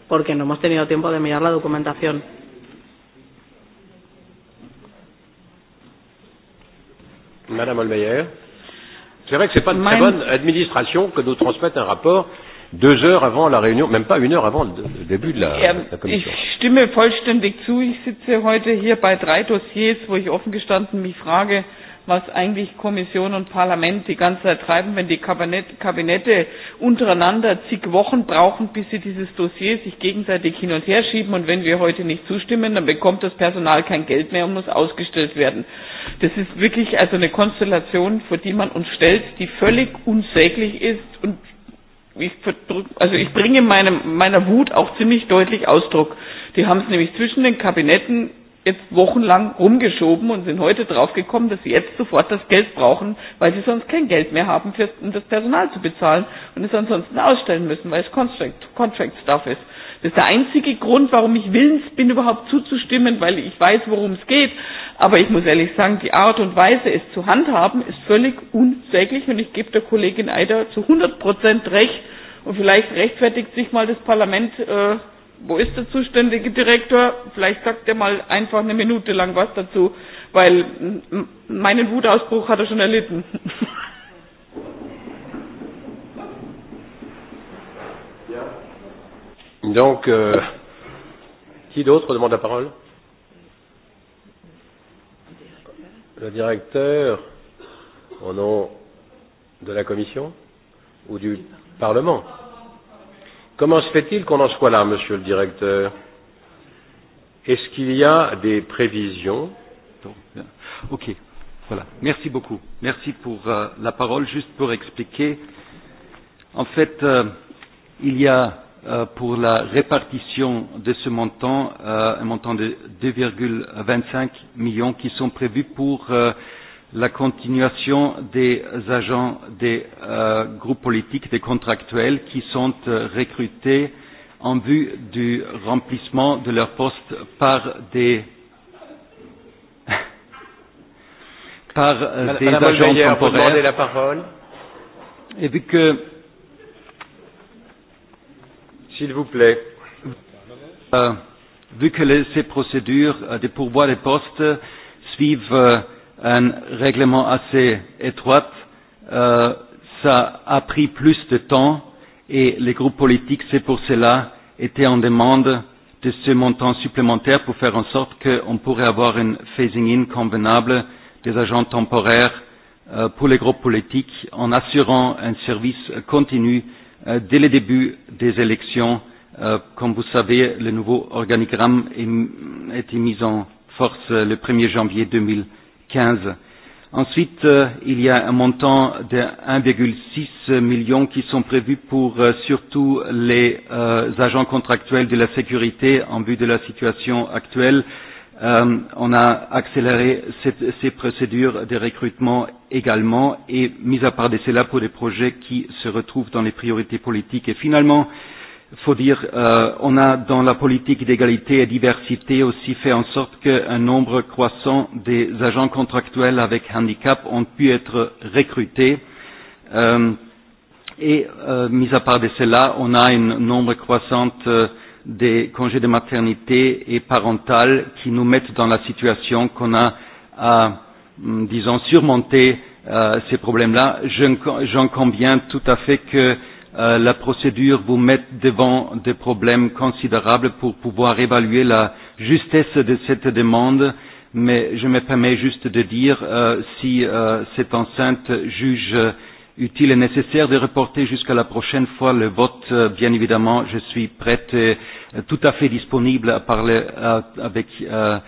porque no hemos tenido tiempo de mirar la documentación. Madame Olmeyer. C'est vrai que c'est pas de bonne administration que nous transmettent un rapport deux heures avant la réunion, même pas une heure avant le début de la, ja, ähm, la commission. Ich stimme vollständig zu. Ich sitze heute hier bei drei Dossiers, wo ich offen gestanden mich frage, was eigentlich Kommission und Parlament die ganze Zeit treiben, wenn die Kabinett, Kabinette untereinander zig Wochen brauchen, bis sie dieses Dossier sich gegenseitig hin und her schieben. Und wenn wir heute nicht zustimmen, dann bekommt das Personal kein Geld mehr und muss ausgestellt werden. Das ist wirklich also eine Konstellation, vor die man uns stellt, die völlig unsäglich ist und ich, also ich bringe meine, meiner Wut auch ziemlich deutlich Ausdruck. Die haben es nämlich zwischen den Kabinetten jetzt wochenlang rumgeschoben und sind heute draufgekommen, dass sie jetzt sofort das Geld brauchen, weil sie sonst kein Geld mehr haben, für, um das Personal zu bezahlen und es ansonsten ausstellen müssen, weil es Contract, Contract Stuff ist. Das ist der einzige Grund, warum ich willens bin, überhaupt zuzustimmen, weil ich weiß, worum es geht. Aber ich muss ehrlich sagen, die Art und Weise, es zu handhaben, ist völlig unsäglich und ich gebe der Kollegin Eider zu 100 Prozent recht. Und vielleicht rechtfertigt sich mal das Parlament, äh, wo ist der zuständige Direktor? Vielleicht sagt er mal einfach eine Minute lang was dazu, weil meinen Wutausbruch hat er schon erlitten. Donc, euh, qui d'autre demande la parole Le directeur au nom de la Commission ou du Parlement Comment se fait-il qu'on en soit là, monsieur le directeur Est-ce qu'il y a des prévisions Ok, voilà. Merci beaucoup. Merci pour euh, la parole. Juste pour expliquer, en fait, euh, il y a Euh, pour la répartition de ce montant, euh, un montant de 2,25 millions qui sont prévus pour euh, la continuation des agents des euh, groupes politiques, des contractuels qui sont euh, recrutés en vue du remplissement de leur poste par des par euh, des Madame agents Meyer, temporaires. La parole. Et vu que S'il vous plaît. Uh, vu que les, ces procédures euh, de pourvoi des postes suivent uh, un règlement assez étroit, uh, ça a pris plus de temps et les groupes politiques, c'est pour cela, étaient en demande de ce montant supplémentaire pour faire en sorte qu'on pourrait avoir une phasing-in convenable des agents temporaires uh, pour les groupes politiques en assurant un service continu Euh, dès le début des élections. Euh, comme vous savez, le nouveau organigramme est, a été mis en force le 1er janvier 2015. Ensuite, euh, il y a un montant de 1,6 million qui sont prévus pour euh, surtout les euh, agents contractuels de la sécurité en vue de la situation actuelle. Euh, Euh, on a accéléré cette, ces procédures de recrutement également et mis à part de cela pour des projets qui se retrouvent dans les priorités politiques. Et finalement, il faut dire, euh, on a dans la politique d'égalité et diversité aussi fait en sorte qu'un nombre croissant des agents contractuels avec handicap ont pu être recrutés. Euh, et euh, mis à part de cela, on a un nombre croissant. euh, des congés de maternité et parental qui nous mettent dans la situation qu'on a à, mm, disons, surmonter euh, ces problèmes-là. J'en conviens tout à fait que euh, la procédure vous met devant des problèmes considérables pour pouvoir évaluer la justesse de cette demande, mais je me permets juste de dire euh, si euh, cette enceinte juge euh, utile et nécessaire de reporter jusqu'à la prochaine fois le vote. Euh, bien évidemment, je suis prête et euh, tout à fait disponible à parler avec euh,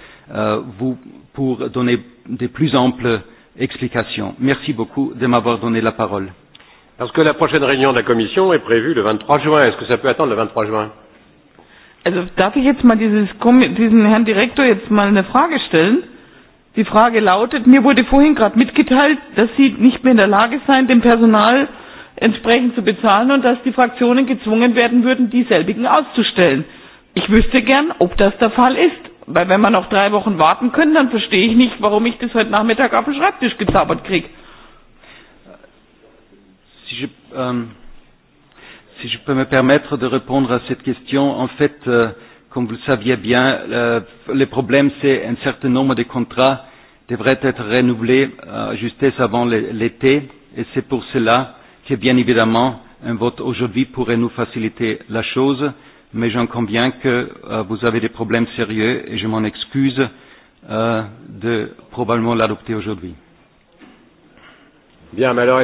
vous pour donner de plus amples explications. Merci beaucoup de m'avoir donné la parole. Parce que la prochaine réunion de la Commission est prévue le 23 juin. Est-ce que ça peut attendre le 23 juin Also darf ich jetzt mal dieses, diesen Herrn Direktor jetzt mal eine Frage stellen? Die Frage lautet, mir wurde vorhin gerade mitgeteilt, dass Sie nicht mehr in der Lage seien, dem Personal entsprechend zu bezahlen und dass die Fraktionen gezwungen werden würden, dieselbigen auszustellen. Ich wüsste gern, ob das der Fall ist. Weil wenn wir noch drei Wochen warten können, dann verstehe ich nicht, warum ich das heute Nachmittag auf den Schreibtisch gezaubert kriege. Si je, ähm, si je peux me permettre de répondre à cette question, en fait, euh, comme vous le saviez bien, euh, le problème c'est un certain nombre de contrats devraient être renouvelés, euh, juste avant l'été, et c'est pour cela que bien évidemment un vote aujourd'hui pourrait nous faciliter la chose, mais j'en conviens que euh, vous avez des problèmes sérieux et je m'en excuse euh, de probablement l'adopter aujourd'hui. Bien, mais alors,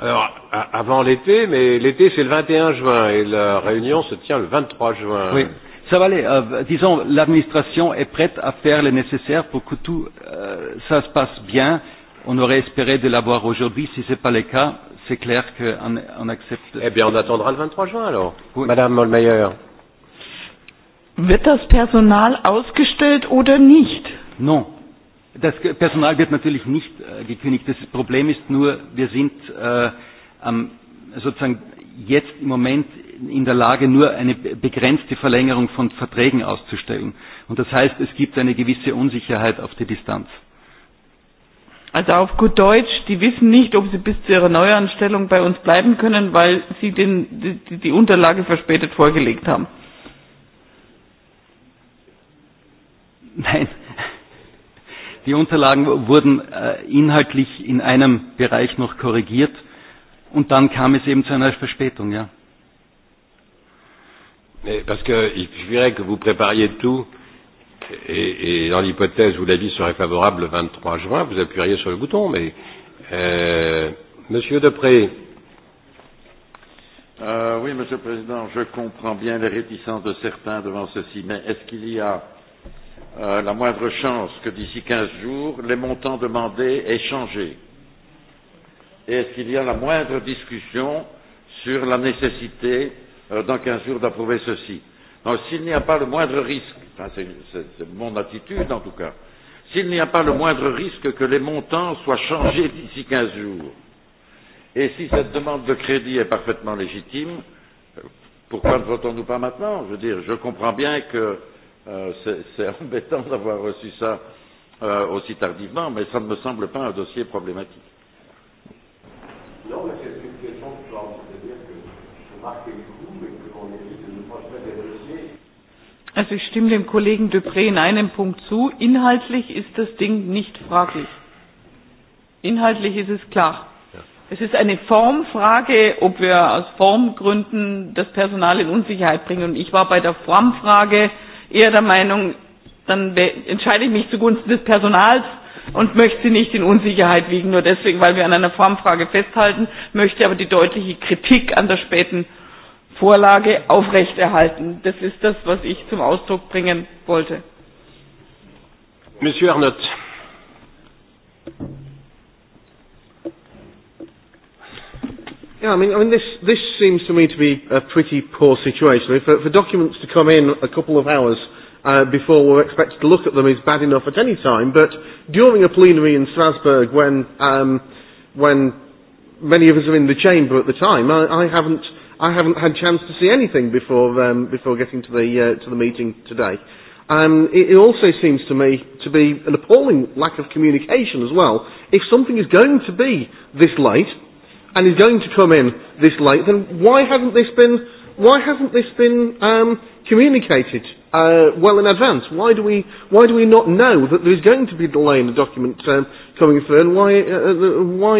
alors avant l'été, mais l'été c'est le 21 juin et la réunion se tient le 23 juin. Oui ça va aller. Euh, disons, l'administration est prête à faire le nécessaire pour que tout euh, ça se passe bien. On aurait espéré de l'avoir aujourd'hui. Si ce n'est pas le cas, c'est clair qu'on on accepte. Eh bien, on attendra le 23 juin alors. Oui. Madame Mollmeyer. Wird das Personal ausgestellt oder nicht? Non. Das Personal wird natürlich nicht äh, gekündigt. Das Problem ist nur, wir sind äh, ähm, sozusagen jetzt im Moment in der Lage, nur eine begrenzte Verlängerung von Verträgen auszustellen. Und das heißt, es gibt eine gewisse Unsicherheit auf die Distanz. Also auf gut Deutsch, die wissen nicht, ob sie bis zu ihrer Neuanstellung bei uns bleiben können, weil sie den, die, die Unterlage verspätet vorgelegt haben. Nein, die Unterlagen wurden äh, inhaltlich in einem Bereich noch korrigiert und dann kam es eben zu einer Verspätung, ja. Mais parce que il suffirait que vous prépariez tout et, et dans l'hypothèse où l'avis serait favorable le 23 juin, vous appuieriez sur le bouton. Mais euh, Monsieur Depré. Euh, oui, Monsieur le Président, je comprends bien les réticences de certains devant ceci, mais est-ce qu'il y a euh, la moindre chance que d'ici 15 jours, les montants demandés aient changé Et est-ce qu'il y a la moindre discussion sur la nécessité euh, euh, dans 15 jours d'approuver ceci. Donc s'il n'y a pas le moindre risque, enfin, c'est mon attitude en tout cas, s'il n'y a pas le moindre risque que les montants soient changés d'ici 15 jours, et si cette demande de crédit est parfaitement légitime, euh, pourquoi ne votons-nous pas maintenant Je veux dire, je comprends bien que euh, c'est embêtant d'avoir reçu ça euh, aussi tardivement, mais ça ne me semble pas un dossier problématique. Non, mais c'est une question de genre, c'est-à-dire que je marque une Also ich stimme dem Kollegen Dupré in einem Punkt zu. Inhaltlich ist das Ding nicht fraglich. Inhaltlich ist es klar. Es ist eine Formfrage, ob wir aus Formgründen das Personal in Unsicherheit bringen. Und ich war bei der Formfrage eher der Meinung, dann entscheide ich mich zugunsten des Personals und möchte nicht in Unsicherheit wiegen, nur deswegen, weil wir an einer Formfrage festhalten, möchte aber die deutliche Kritik an der späten Vorlage aufrechterhalten. Das ist das, was ich zum Ausdruck bringen wollte. Monsieur Arnott. Yeah, I mean, I mean this, this seems to me to be a pretty poor situation. I mean, for, for documents to come in a couple of hours uh, before we're expected to look at them is bad enough at any time, but during a plenary in Strasbourg when, um, when many of us are in the chamber at the time, I, I haven't I haven't had chance to see anything before, um, before getting to the, uh, to the meeting today. Um, it, it also seems to me to be an appalling lack of communication as well. If something is going to be this late and is going to come in this late, then why hasn't this been, why hasn't this been um, communicated uh, well in advance? Why do, we, why do we not know that there is going to be a delay in the document um, coming through and why, uh, uh why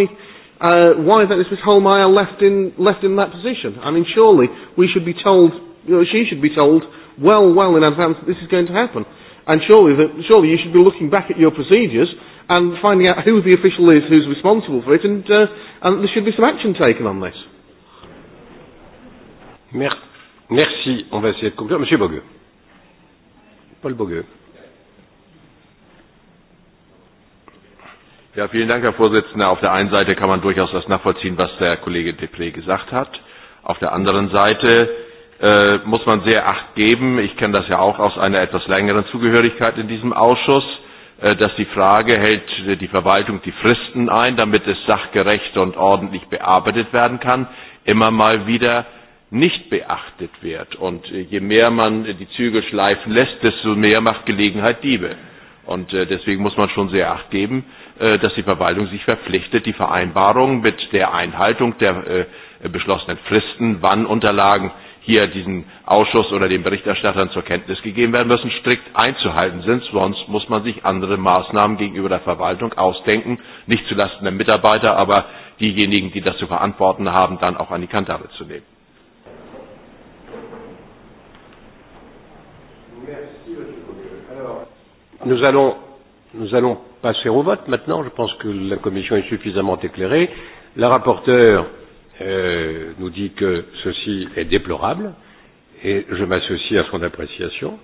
uh, why that Ms. Holmeyer left in, left in that position. I mean, surely we should be told, you know, she should be told well, well in advance that this is going to happen. And surely, that, surely you should be looking back at your procedures and finding out who the official is who's responsible for it, and, uh, and there should be some action taken on this. Merci. On va essayer de conclure. Monsieur Bogueux. Paul Bogueux. Ja, vielen Dank, Herr Vorsitzender. Auf der einen Seite kann man durchaus das nachvollziehen, was der Kollege Depré gesagt hat. Auf der anderen Seite äh, muss man sehr Acht geben, ich kenne das ja auch aus einer etwas längeren Zugehörigkeit in diesem Ausschuss, äh, dass die Frage, hält äh, die Verwaltung die Fristen ein, damit es sachgerecht und ordentlich bearbeitet werden kann, immer mal wieder nicht beachtet wird. Und äh, je mehr man äh, die Zügel schleifen lässt, desto mehr macht Gelegenheit Diebe. Und äh, deswegen muss man schon sehr Acht geben. Äh, dass die Verwaltung sich verpflichtet, die Vereinbarung mit der Einhaltung der äh, beschlossenen Fristen, wann Unterlagen hier diesen Ausschuss oder den Berichterstattern zur Kenntnis gegeben werden müssen, strikt einzuhalten sind. Sonst muss man sich andere Maßnahmen gegenüber der Verwaltung ausdenken, nicht zulasten der Mitarbeiter, aber diejenigen, die das zu verantworten haben, dann auch an die Kantare zu nehmen. Nous allons, nous allons passer au vote maintenant. Je pense que la commission est suffisamment éclairée. La rapporteure euh, nous dit que ceci est déplorable et je m'associe à son appréciation,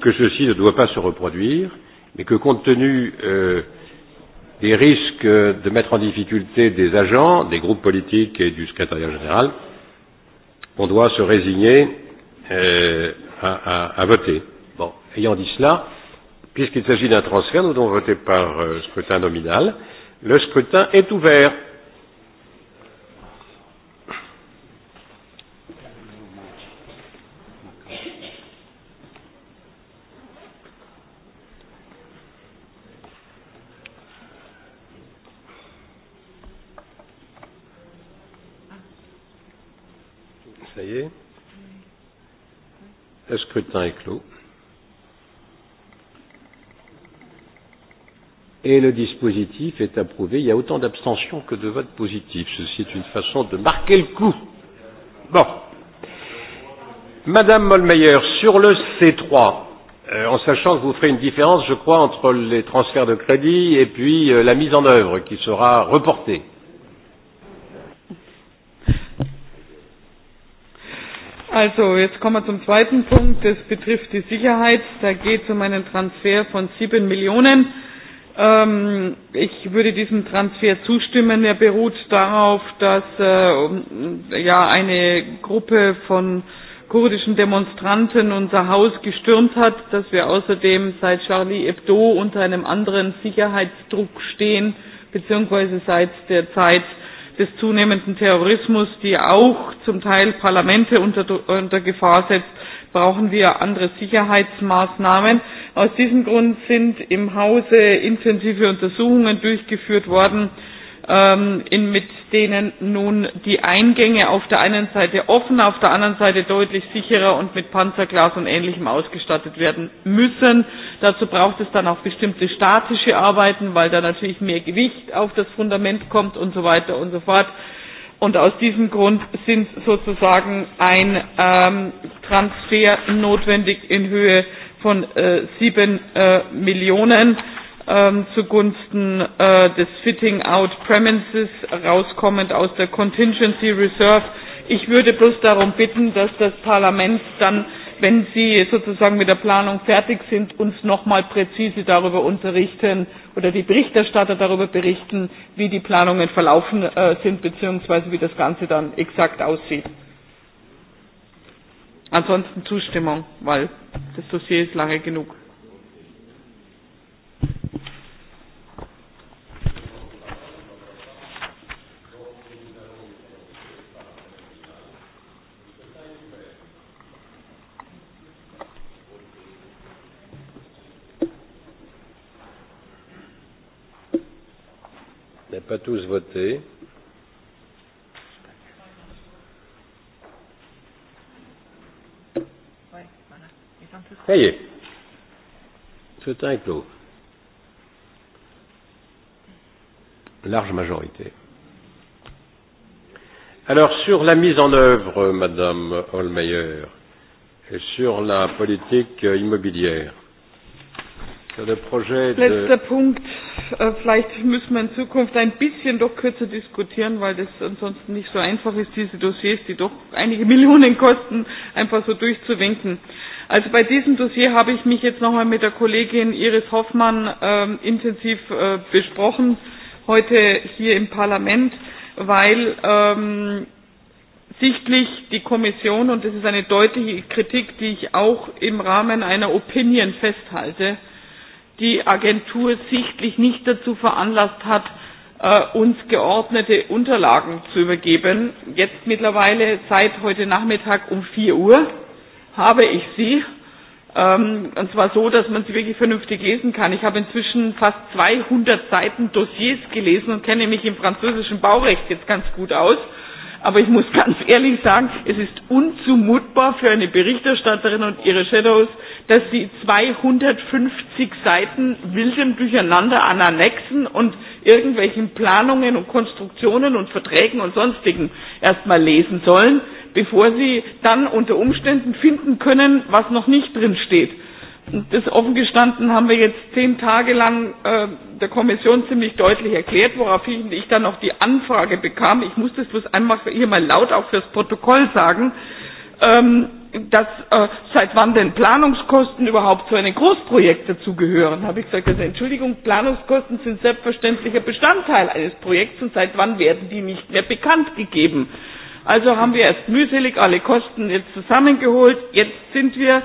que ceci ne doit pas se reproduire, mais que compte tenu euh, des risques de mettre en difficulté des agents, des groupes politiques et du secrétariat général, on doit se résigner euh, à, à, à voter. Bon, ayant dit cela, Puisqu'il s'agit d'un transfert, nous devons voter par euh, scrutin nominal. Le scrutin est ouvert. Ça y est. Le scrutin est clos. et le dispositif est approuvé. Il y a autant d'abstentions que de votes positifs. Ceci est une façon de marquer le coup. Bon. Madame Molmeyer, sur le C3, euh, en sachant que vous ferez une différence, je crois, entre les transferts de crédit et puis euh, la mise en œuvre qui sera reportée. Also, jetzt kommen wir zum zweiten Punkt. Das betrifft die Sicherheit. Da geht es um einen Transfer von sieben Millionen. Ähm, ich würde diesem Transfer zustimmen. Er beruht darauf, dass äh, ja, eine Gruppe von kurdischen Demonstranten unser Haus gestürmt hat, dass wir außerdem seit Charlie Hebdo unter einem anderen Sicherheitsdruck stehen, beziehungsweise seit der Zeit des zunehmenden Terrorismus, die auch zum Teil Parlamente unter, unter Gefahr setzt brauchen wir andere Sicherheitsmaßnahmen. Aus diesem Grund sind im Hause intensive Untersuchungen durchgeführt worden, ähm, in, mit denen nun die Eingänge auf der einen Seite offen, auf der anderen Seite deutlich sicherer und mit Panzerglas und Ähnlichem ausgestattet werden müssen. Dazu braucht es dann auch bestimmte statische Arbeiten, weil da natürlich mehr Gewicht auf das Fundament kommt und so weiter und so fort. Und aus diesem Grund sind sozusagen ein ähm, Transfer notwendig in Höhe von äh, 7 äh, Millionen ähm, zugunsten äh, des Fitting Out Premises, rauskommend aus der Contingency Reserve. Ich würde bloß darum bitten, dass das Parlament dann wenn Sie sozusagen mit der Planung fertig sind, uns nochmal präzise darüber unterrichten oder die Berichterstatter darüber berichten, wie die Planungen verlaufen äh, sind, beziehungsweise wie das Ganze dann exakt aussieht. Ansonsten Zustimmung, weil das Dossier ist lange genug. pas tous voté. Ça y est. clos. Large majorité. Alors sur la mise en œuvre, Madame Holmeyer, et sur la politique immobilière, Äh, Letzter Punkt. Äh, vielleicht müssen wir in Zukunft ein bisschen doch kürzer diskutieren, weil das ansonsten nicht so einfach ist, diese Dossiers, die doch einige Millionen kosten, einfach so durchzuwinken. Also bei diesem Dossier habe ich mich jetzt nochmal mit der Kollegin Iris Hoffmann ähm, intensiv äh, besprochen, heute hier im Parlament, weil ähm, sichtlich die Kommission, und das ist eine deutliche Kritik, die ich auch im Rahmen einer Opinion festhalte, die Agentur sichtlich nicht dazu veranlasst hat, äh, uns geordnete Unterlagen zu übergeben. Jetzt mittlerweile seit heute Nachmittag um 4 Uhr habe ich sie. Ähm, und zwar so, dass man sie wirklich vernünftig lesen kann. Ich habe inzwischen fast 200 Seiten Dossiers gelesen und kenne mich im französischen Baurecht jetzt ganz gut aus. Aber ich muss ganz ehrlich sagen, es ist unzumutbar für eine Berichterstatterin und ihre Shadows, dass sie 250 Seiten wildem Durcheinander an Annexen und irgendwelchen Planungen und Konstruktionen und Verträgen und sonstigen erstmal lesen sollen, bevor sie dann unter Umständen finden können, was noch nicht drin steht. Und das offen gestanden haben wir jetzt zehn Tage lang äh, der Kommission ziemlich deutlich erklärt, woraufhin ich dann noch die Anfrage bekam. Ich muss das bloß einmal hier mal laut auch fürs Protokoll sagen. Ähm, dass äh, seit wann denn Planungskosten überhaupt zu einem Großprojekt dazugehören. Habe ich gesagt, also Entschuldigung, Planungskosten sind selbstverständlicher Bestandteil eines Projekts und seit wann werden die nicht mehr bekannt gegeben. Also haben wir erst mühselig alle Kosten jetzt zusammengeholt. Jetzt sind wir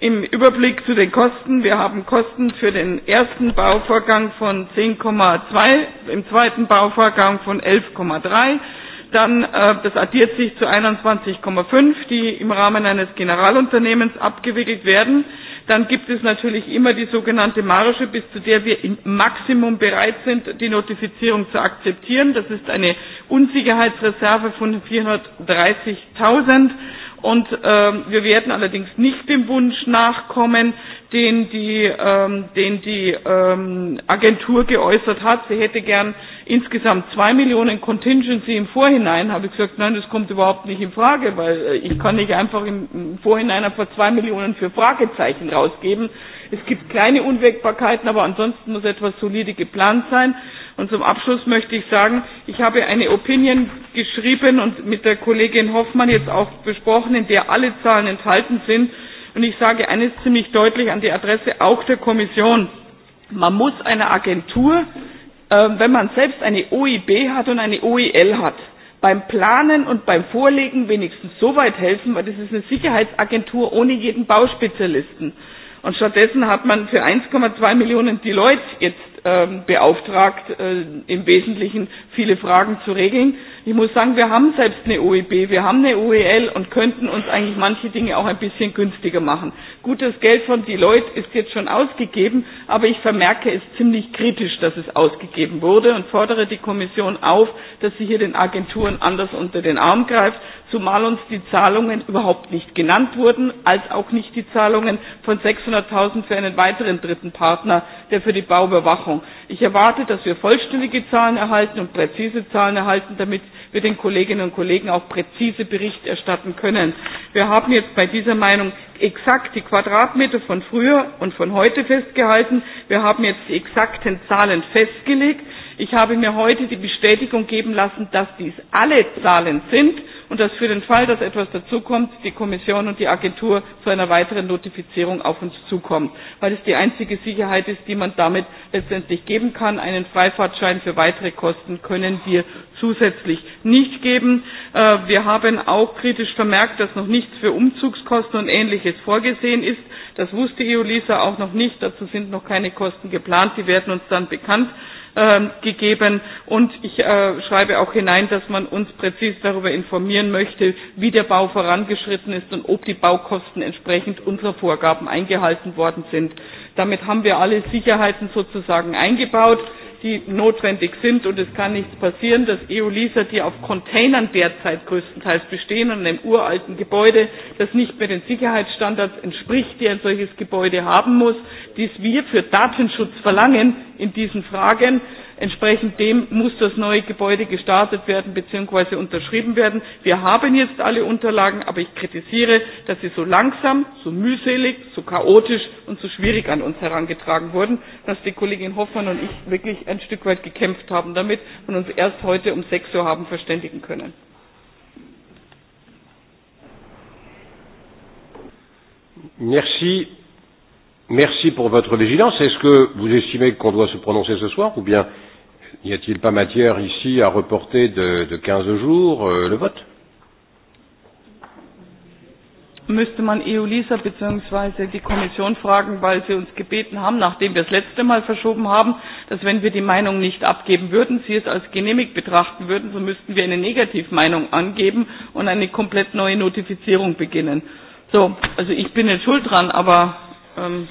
im Überblick zu den Kosten. Wir haben Kosten für den ersten Bauvorgang von 10,2, im zweiten Bauvorgang von 11,3 Dann, äh, das addiert sich zu 21,5, die im Rahmen eines Generalunternehmens abgewickelt werden. Dann gibt es natürlich immer die sogenannte Marge, bis zu der wir im Maximum bereit sind, die Notifizierung zu akzeptieren. Das ist eine Unsicherheitsreserve von 430.000. Und ähm, wir werden allerdings nicht dem Wunsch nachkommen, den die, ähm, den die ähm, Agentur geäußert hat. Sie hätte gern insgesamt zwei Millionen Contingency im Vorhinein. Habe ich gesagt, nein, das kommt überhaupt nicht in Frage, weil äh, ich kann nicht einfach im, im Vorhinein einfach zwei Millionen für Fragezeichen rausgeben. Es gibt kleine Unwägbarkeiten, aber ansonsten muss etwas solide geplant sein. Und zum Abschluss möchte ich sagen, ich habe eine Opinion geschrieben und mit der Kollegin Hoffmann jetzt auch besprochen, in der alle Zahlen enthalten sind. Und ich sage eines ziemlich deutlich an die Adresse auch der Kommission. Man muss eine Agentur, äh, wenn man selbst eine OIB hat und eine OIL hat, beim Planen und beim Vorlegen wenigstens so weit helfen, weil das ist eine Sicherheitsagentur ohne jeden Bauspezialisten. Und stattdessen hat man für 1,2 Millionen Leute jetzt Ähm, beauftragt, äh, im Wesentlichen viele Fragen zu regeln. Ich muss sagen, wir haben selbst eine OEB, wir haben eine OEL und könnten uns eigentlich manche Dinge auch ein bisschen günstiger machen. Gutes Geld von Deloitte ist jetzt schon ausgegeben, aber ich vermerke es ziemlich kritisch, dass es ausgegeben wurde und fordere die Kommission auf, dass sie hier den Agenturen anders unter den Arm greift, zumal uns die Zahlungen überhaupt nicht genannt wurden, als auch nicht die Zahlungen von 600.000 für einen weiteren dritten Partner, der für die Bauüberwachung Ordnung. Ich erwarte, dass wir vollständige Zahlen erhalten und präzise Zahlen erhalten, damit wir den Kolleginnen und Kollegen auch präzise Bericht erstatten können. Wir haben jetzt bei dieser Meinung exakt die Quadratmeter von früher und von heute festgehalten. Wir haben jetzt die exakten Zahlen festgelegt. Ich habe mir heute die Bestätigung geben lassen, dass dies alle Zahlen sind und dass für den Fall, dass etwas dazukommt, die Kommission und die Agentur zu einer weiteren Notifizierung auf uns zukommt, weil es die einzige Sicherheit ist, die man damit letztendlich geben kann. Einen Freifahrtschein für weitere Kosten können wir zusätzlich nicht geben. Äh, wir haben auch kritisch vermerkt, dass noch nichts für Umzugskosten und Ähnliches vorgesehen ist. Das wusste EU-LISA auch noch nicht. Dazu sind noch keine Kosten geplant. Die werden uns dann bekannt Ähm, gegeben. Und ich äh, schreibe auch hinein, dass man uns präzis darüber informieren möchte, wie der Bau vorangeschritten ist und ob die Baukosten entsprechend unserer Vorgaben eingehalten worden sind. Damit haben wir alle Sicherheiten sozusagen eingebaut die notwendig sind und es kann nichts passieren, dass EU-Leaser, die auf Containern derzeit größtenteils bestehen und einem uralten Gebäude, das nicht mehr den Sicherheitsstandards entspricht, die ein solches Gebäude haben muss, dies wir für Datenschutz verlangen in diesen Fragen, Entsprechend dem muss das neue Gebäude gestartet werden bzw. unterschrieben werden. Wir haben jetzt alle Unterlagen, aber ich kritisiere, dass sie so langsam, so mühselig, so chaotisch und so schwierig an uns herangetragen wurden, dass die Kollegin Hoffmann und ich wirklich ein Stück weit gekämpft haben damit und uns erst heute um 6 Uhr haben verständigen können. Merci. Merci pour votre vigilance. Est-ce que vous estimez qu'on doit se prononcer ce soir ou bien n'y a-t-il pas matière ici à reporter de, de 15 jours euh, le vote Müsste man EULISA bzw. die Kommission fragen, weil sie uns gebeten haben, nachdem wir das letzte Mal verschoben haben, dass wenn wir die Meinung nicht abgeben würden, sie es als genehmigt betrachten würden, so müssten wir eine Negativmeinung angeben und eine komplett neue Notifizierung beginnen. So, also ich bin jetzt schuld dran, aber ähm,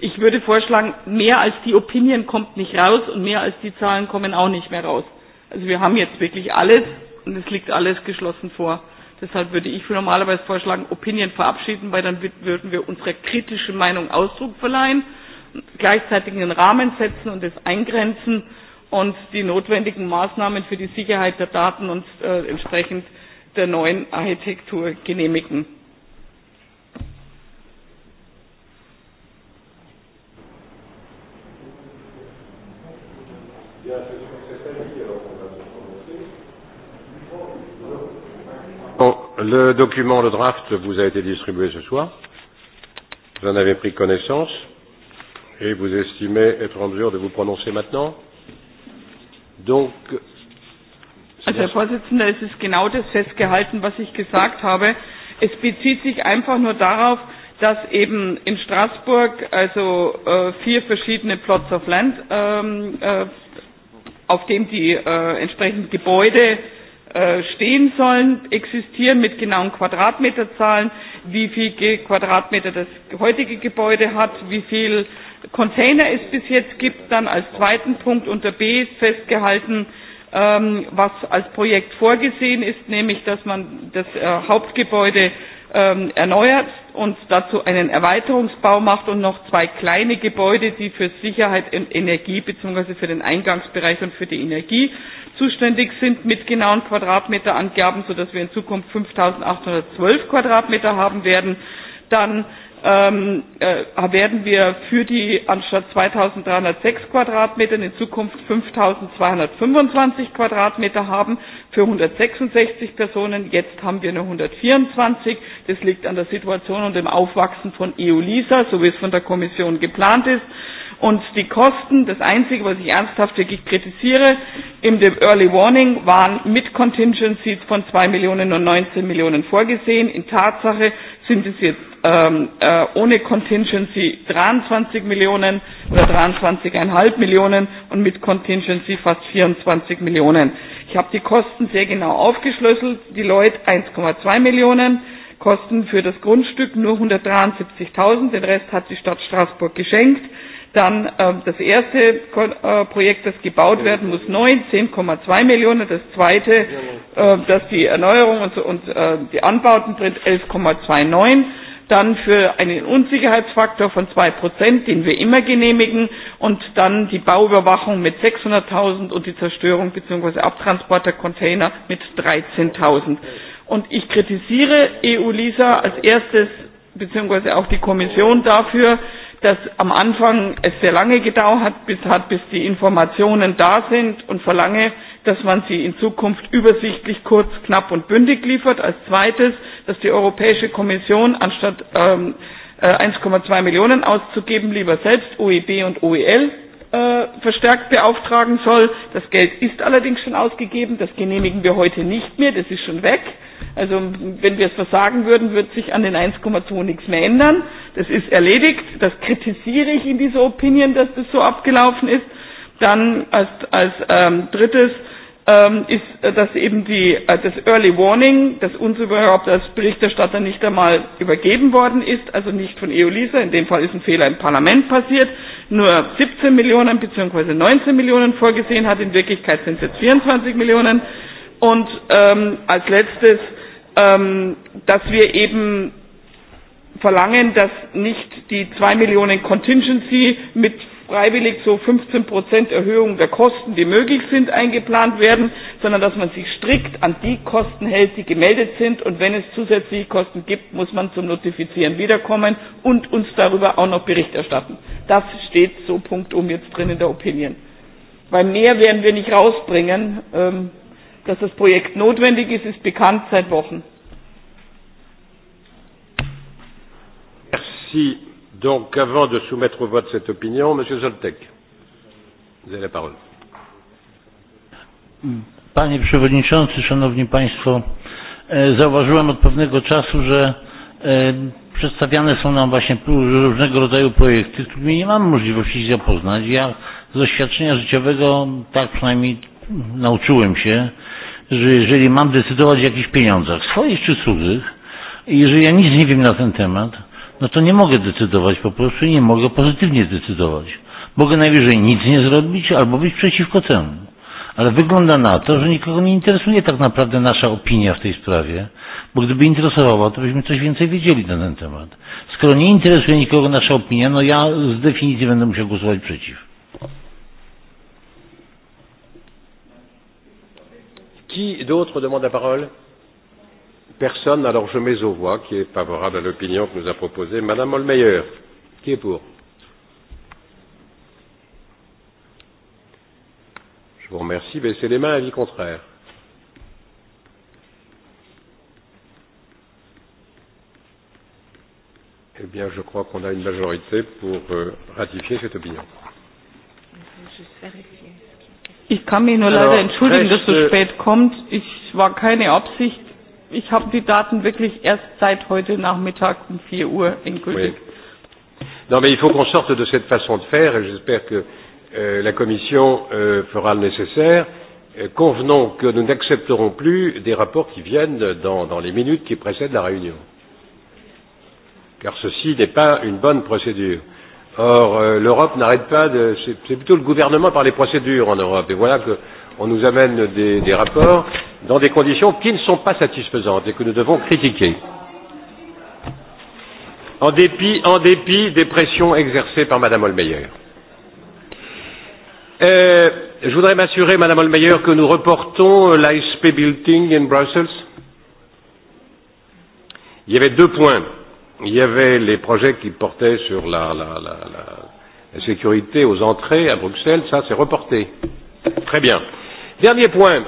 ich würde vorschlagen, mehr als die Opinion kommt nicht raus und mehr als die Zahlen kommen auch nicht mehr raus. Also wir haben jetzt wirklich alles und es liegt alles geschlossen vor. Deshalb würde ich für normalerweise vorschlagen, Opinion verabschieden, weil dann würden wir unserer kritischen Meinung Ausdruck verleihen, gleichzeitig einen Rahmen setzen und es eingrenzen und die notwendigen Maßnahmen für die Sicherheit der Daten und äh, entsprechend der neuen Architektur genehmigen. Bon, le document, le draft vous a été distribué ce soir. Vous en avez pris connaissance et vous estimez être en mesure de vous prononcer maintenant. Donc, Also Herr Vorsitzender, es ist genau das festgehalten, was ich gesagt habe. Es bezieht sich einfach nur darauf, dass eben in Straßburg also äh, vier verschiedene Plots of Land ähm, äh, auf dem die äh, entsprechenden Gebäude äh, stehen sollen, existieren mit genauen Quadratmeterzahlen, wie viel Quadratmeter das heutige Gebäude hat, wie viel Container es bis jetzt gibt, dann als zweiten Punkt unter B ist festgehalten, ähm, was als Projekt vorgesehen ist, nämlich dass man das äh, Hauptgebäude ähm, erneuert, und dazu einen Erweiterungsbau macht und noch zwei kleine Gebäude, die für Sicherheit und Energie bzw. für den Eingangsbereich und für die Energie zuständig sind, mit genauen Quadratmeterangaben, sodass wir in Zukunft 5.812 Quadratmeter haben werden. Dann ähm, äh, werden wir für die anstatt 2306 Quadratmetern in Zukunft 5225 Quadratmeter haben für 166 Personen. Jetzt haben wir nur 124. Das liegt an der Situation und dem Aufwachsen von EU-LISA, so wie es von der Kommission geplant ist. Und die Kosten, das Einzige, was ich ernsthaft wirklich kritisiere, im Early Warning waren mit Contingencies von 2 Millionen und 19 Millionen vorgesehen. In Tatsache sind es jetzt ähm, äh, ohne Contingency 23 Millionen oder 23,5 Millionen und mit Contingency fast 24 Millionen. Ich habe die Kosten sehr genau aufgeschlüsselt. Die Leute 1,2 Millionen, Kosten für das Grundstück nur 173.000, den Rest hat die Stadt Straßburg geschenkt. Dann äh, das erste äh, Projekt, das gebaut werden muss, neu 10,2 Millionen. Das zweite, äh, das die Erneuerung und, und äh, die Anbauten bringt 11,29. Dann für einen Unsicherheitsfaktor von 2%, den wir immer genehmigen. Und dann die Bauüberwachung mit 600.000 und die Zerstörung bzw. Abtransport der Container mit 13.000. Und ich kritisiere EU-LISA als erstes beziehungsweise auch die Kommission dafür, dass am Anfang es sehr lange gedauert hat bis, hat, bis die Informationen da sind und verlange, dass man sie in Zukunft übersichtlich, kurz, knapp und bündig liefert. Als zweites, dass die Europäische Kommission anstatt ähm, 1,2 äh, Millionen auszugeben, lieber selbst OEB und OEL äh, verstärkt beauftragen soll. Das Geld ist allerdings schon ausgegeben, das genehmigen wir heute nicht mehr, das ist schon weg. Also wenn wir es versagen würden, wird sich an den 1,2 nichts mehr ändern. Das ist erledigt, das kritisiere ich in dieser Opinion, dass das so abgelaufen ist. Dann als, als ähm, drittes ähm, ist äh, das eben die, äh, das Early Warning, das uns überhaupt als Berichterstatter nicht einmal übergeben worden ist, also nicht von EU-LISA, in dem Fall ist ein Fehler im Parlament passiert, nur 17 Millionen bzw. 19 Millionen vorgesehen hat. In Wirklichkeit sind es jetzt 24 Millionen. Und ähm, als letztes, ähm, dass wir eben verlangen, dass nicht die 2 Millionen Contingency mit freiwillig so 15 Prozent Erhöhung der Kosten, die möglich sind, eingeplant werden, sondern dass man sich strikt an die Kosten hält, die gemeldet sind. Und wenn es zusätzliche Kosten gibt, muss man zum Notifizieren wiederkommen und uns darüber auch noch Bericht erstatten. Das steht so punktum jetzt drin in der Opinion. Weil mehr werden wir nicht rausbringen. Ähm, dass das Projekt notwendig ist, ist bekannt seit Wochen. Merci Donc, avant de soumettre au vote cette opinion, Monsieur Zoltek, vous avez la parole. Panie Przewodniczący, Szanowni Państwo, e, zauważyłem od pewnego czasu, że e, przedstawiane są nam właśnie różnego rodzaju projekty, z którymi nie mam możliwości się zapoznać. Ja z doświadczenia życiowego tak przynajmniej nauczyłem się, że jeżeli mam decydować o jakichś pieniądzach, swoich czy cudzych, i jeżeli ja nic nie wiem na ten temat, no to nie mogę decydować po prostu, nie mogę pozytywnie zdecydować. Mogę najwyżej nic nie zrobić albo być przeciwko temu. Ale wygląda na to, że nikogo nie interesuje tak naprawdę nasza opinia w tej sprawie, bo gdyby interesowała, to byśmy coś więcej wiedzieli na ten temat. Skoro nie interesuje nikogo nasza opinia, no ja z definicji będę musiał głosować przeciw. Qui d'autre demande la parole Personne, alors je mets aux voix qui est favorable à l'opinion que nous a proposée Madame Olmeyer. Qui est pour Je vous remercie. Baissez les mains, avis contraire. Eh bien, je crois qu'on a une majorité pour euh, ratifier cette opinion. Ich kann mich nur leider entschuldigen, dass es so spät kommt. Ich war keine Absicht, ich habe die Daten wirklich erst seit heute Nachmittag um 4 Uhr endgültig. Oui. Non, mais il faut qu'on sorte de cette façon de faire et j'espère que euh, la Commission euh, fera le nécessaire. Et euh, convenons que nous n'accepterons plus des rapports qui viennent dans, dans les minutes qui précèdent la réunion. Car ceci n'est pas une bonne procédure. Or, euh, l'Europe n'arrête pas de. C'est plutôt le gouvernement par les procédures en Europe. Et voilà qu'on nous amène des, des rapports dans des conditions qui ne sont pas satisfaisantes et que nous devons critiquer. En dépit, en dépit des pressions exercées par Madame Holmeyer. Euh, je voudrais m'assurer, Madame Holmeyer, que nous reportons l'ISP Building in Brussels. Il y avait deux points. Il y avait les projets qui portaient sur la, la, la, la, la sécurité aux entrées à Bruxelles. Ça, c'est reporté. Très bien. Dernier point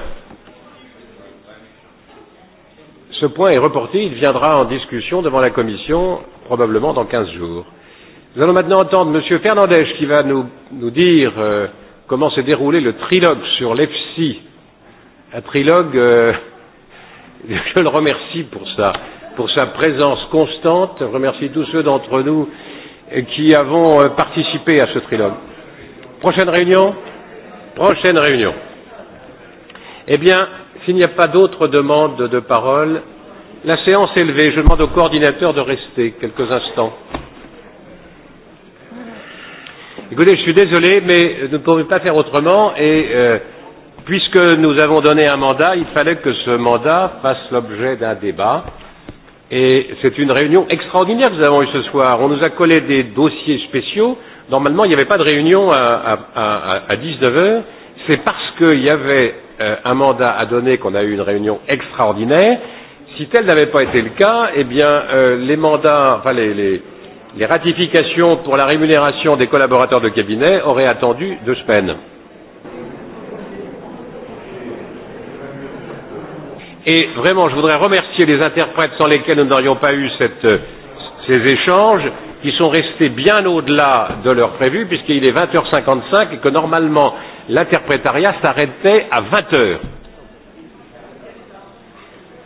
Ce point est reporté, il viendra en discussion devant la Commission probablement dans 15 jours. Nous allons maintenant entendre M. Fernandez qui va nous, nous dire euh, comment s'est déroulé le trilogue sur l'EFSI. Un trilogue, euh, je le remercie pour ça, pour sa présence constante. Je remercie tous ceux d'entre nous euh, qui avons euh, participé à ce trilogue. Prochaine réunion Prochaine réunion. Eh bien, S'il n'y a pas d'autres demandes de parole, la séance est levée. Je demande au coordinateur de rester quelques instants. Écoutez, je suis désolé, mais nous ne pouvons pas faire autrement et euh, puisque nous avons donné un mandat, il fallait que ce mandat fasse l'objet d'un débat. Et c'est une réunion extraordinaire que nous avons eue ce soir. On nous a collé des dossiers spéciaux. Normalement, il n'y avait pas de réunion à, à, à, à 19 heures. C'est parce qu'il y avait euh, un mandat à donner, qu'on a eu une réunion extraordinaire. Si tel n'avait pas été le cas, eh bien, euh, les mandats, enfin, les, les, les ratifications pour la rémunération des collaborateurs de cabinet auraient attendu deux semaines. Et vraiment, je voudrais remercier les interprètes sans lesquels nous n'aurions pas eu cette, euh, ces échanges qui sont restés bien au-delà de l'heure prévue, puisqu'il est 20h55 et que normalement l'interprétariat s'arrêtait à 20h.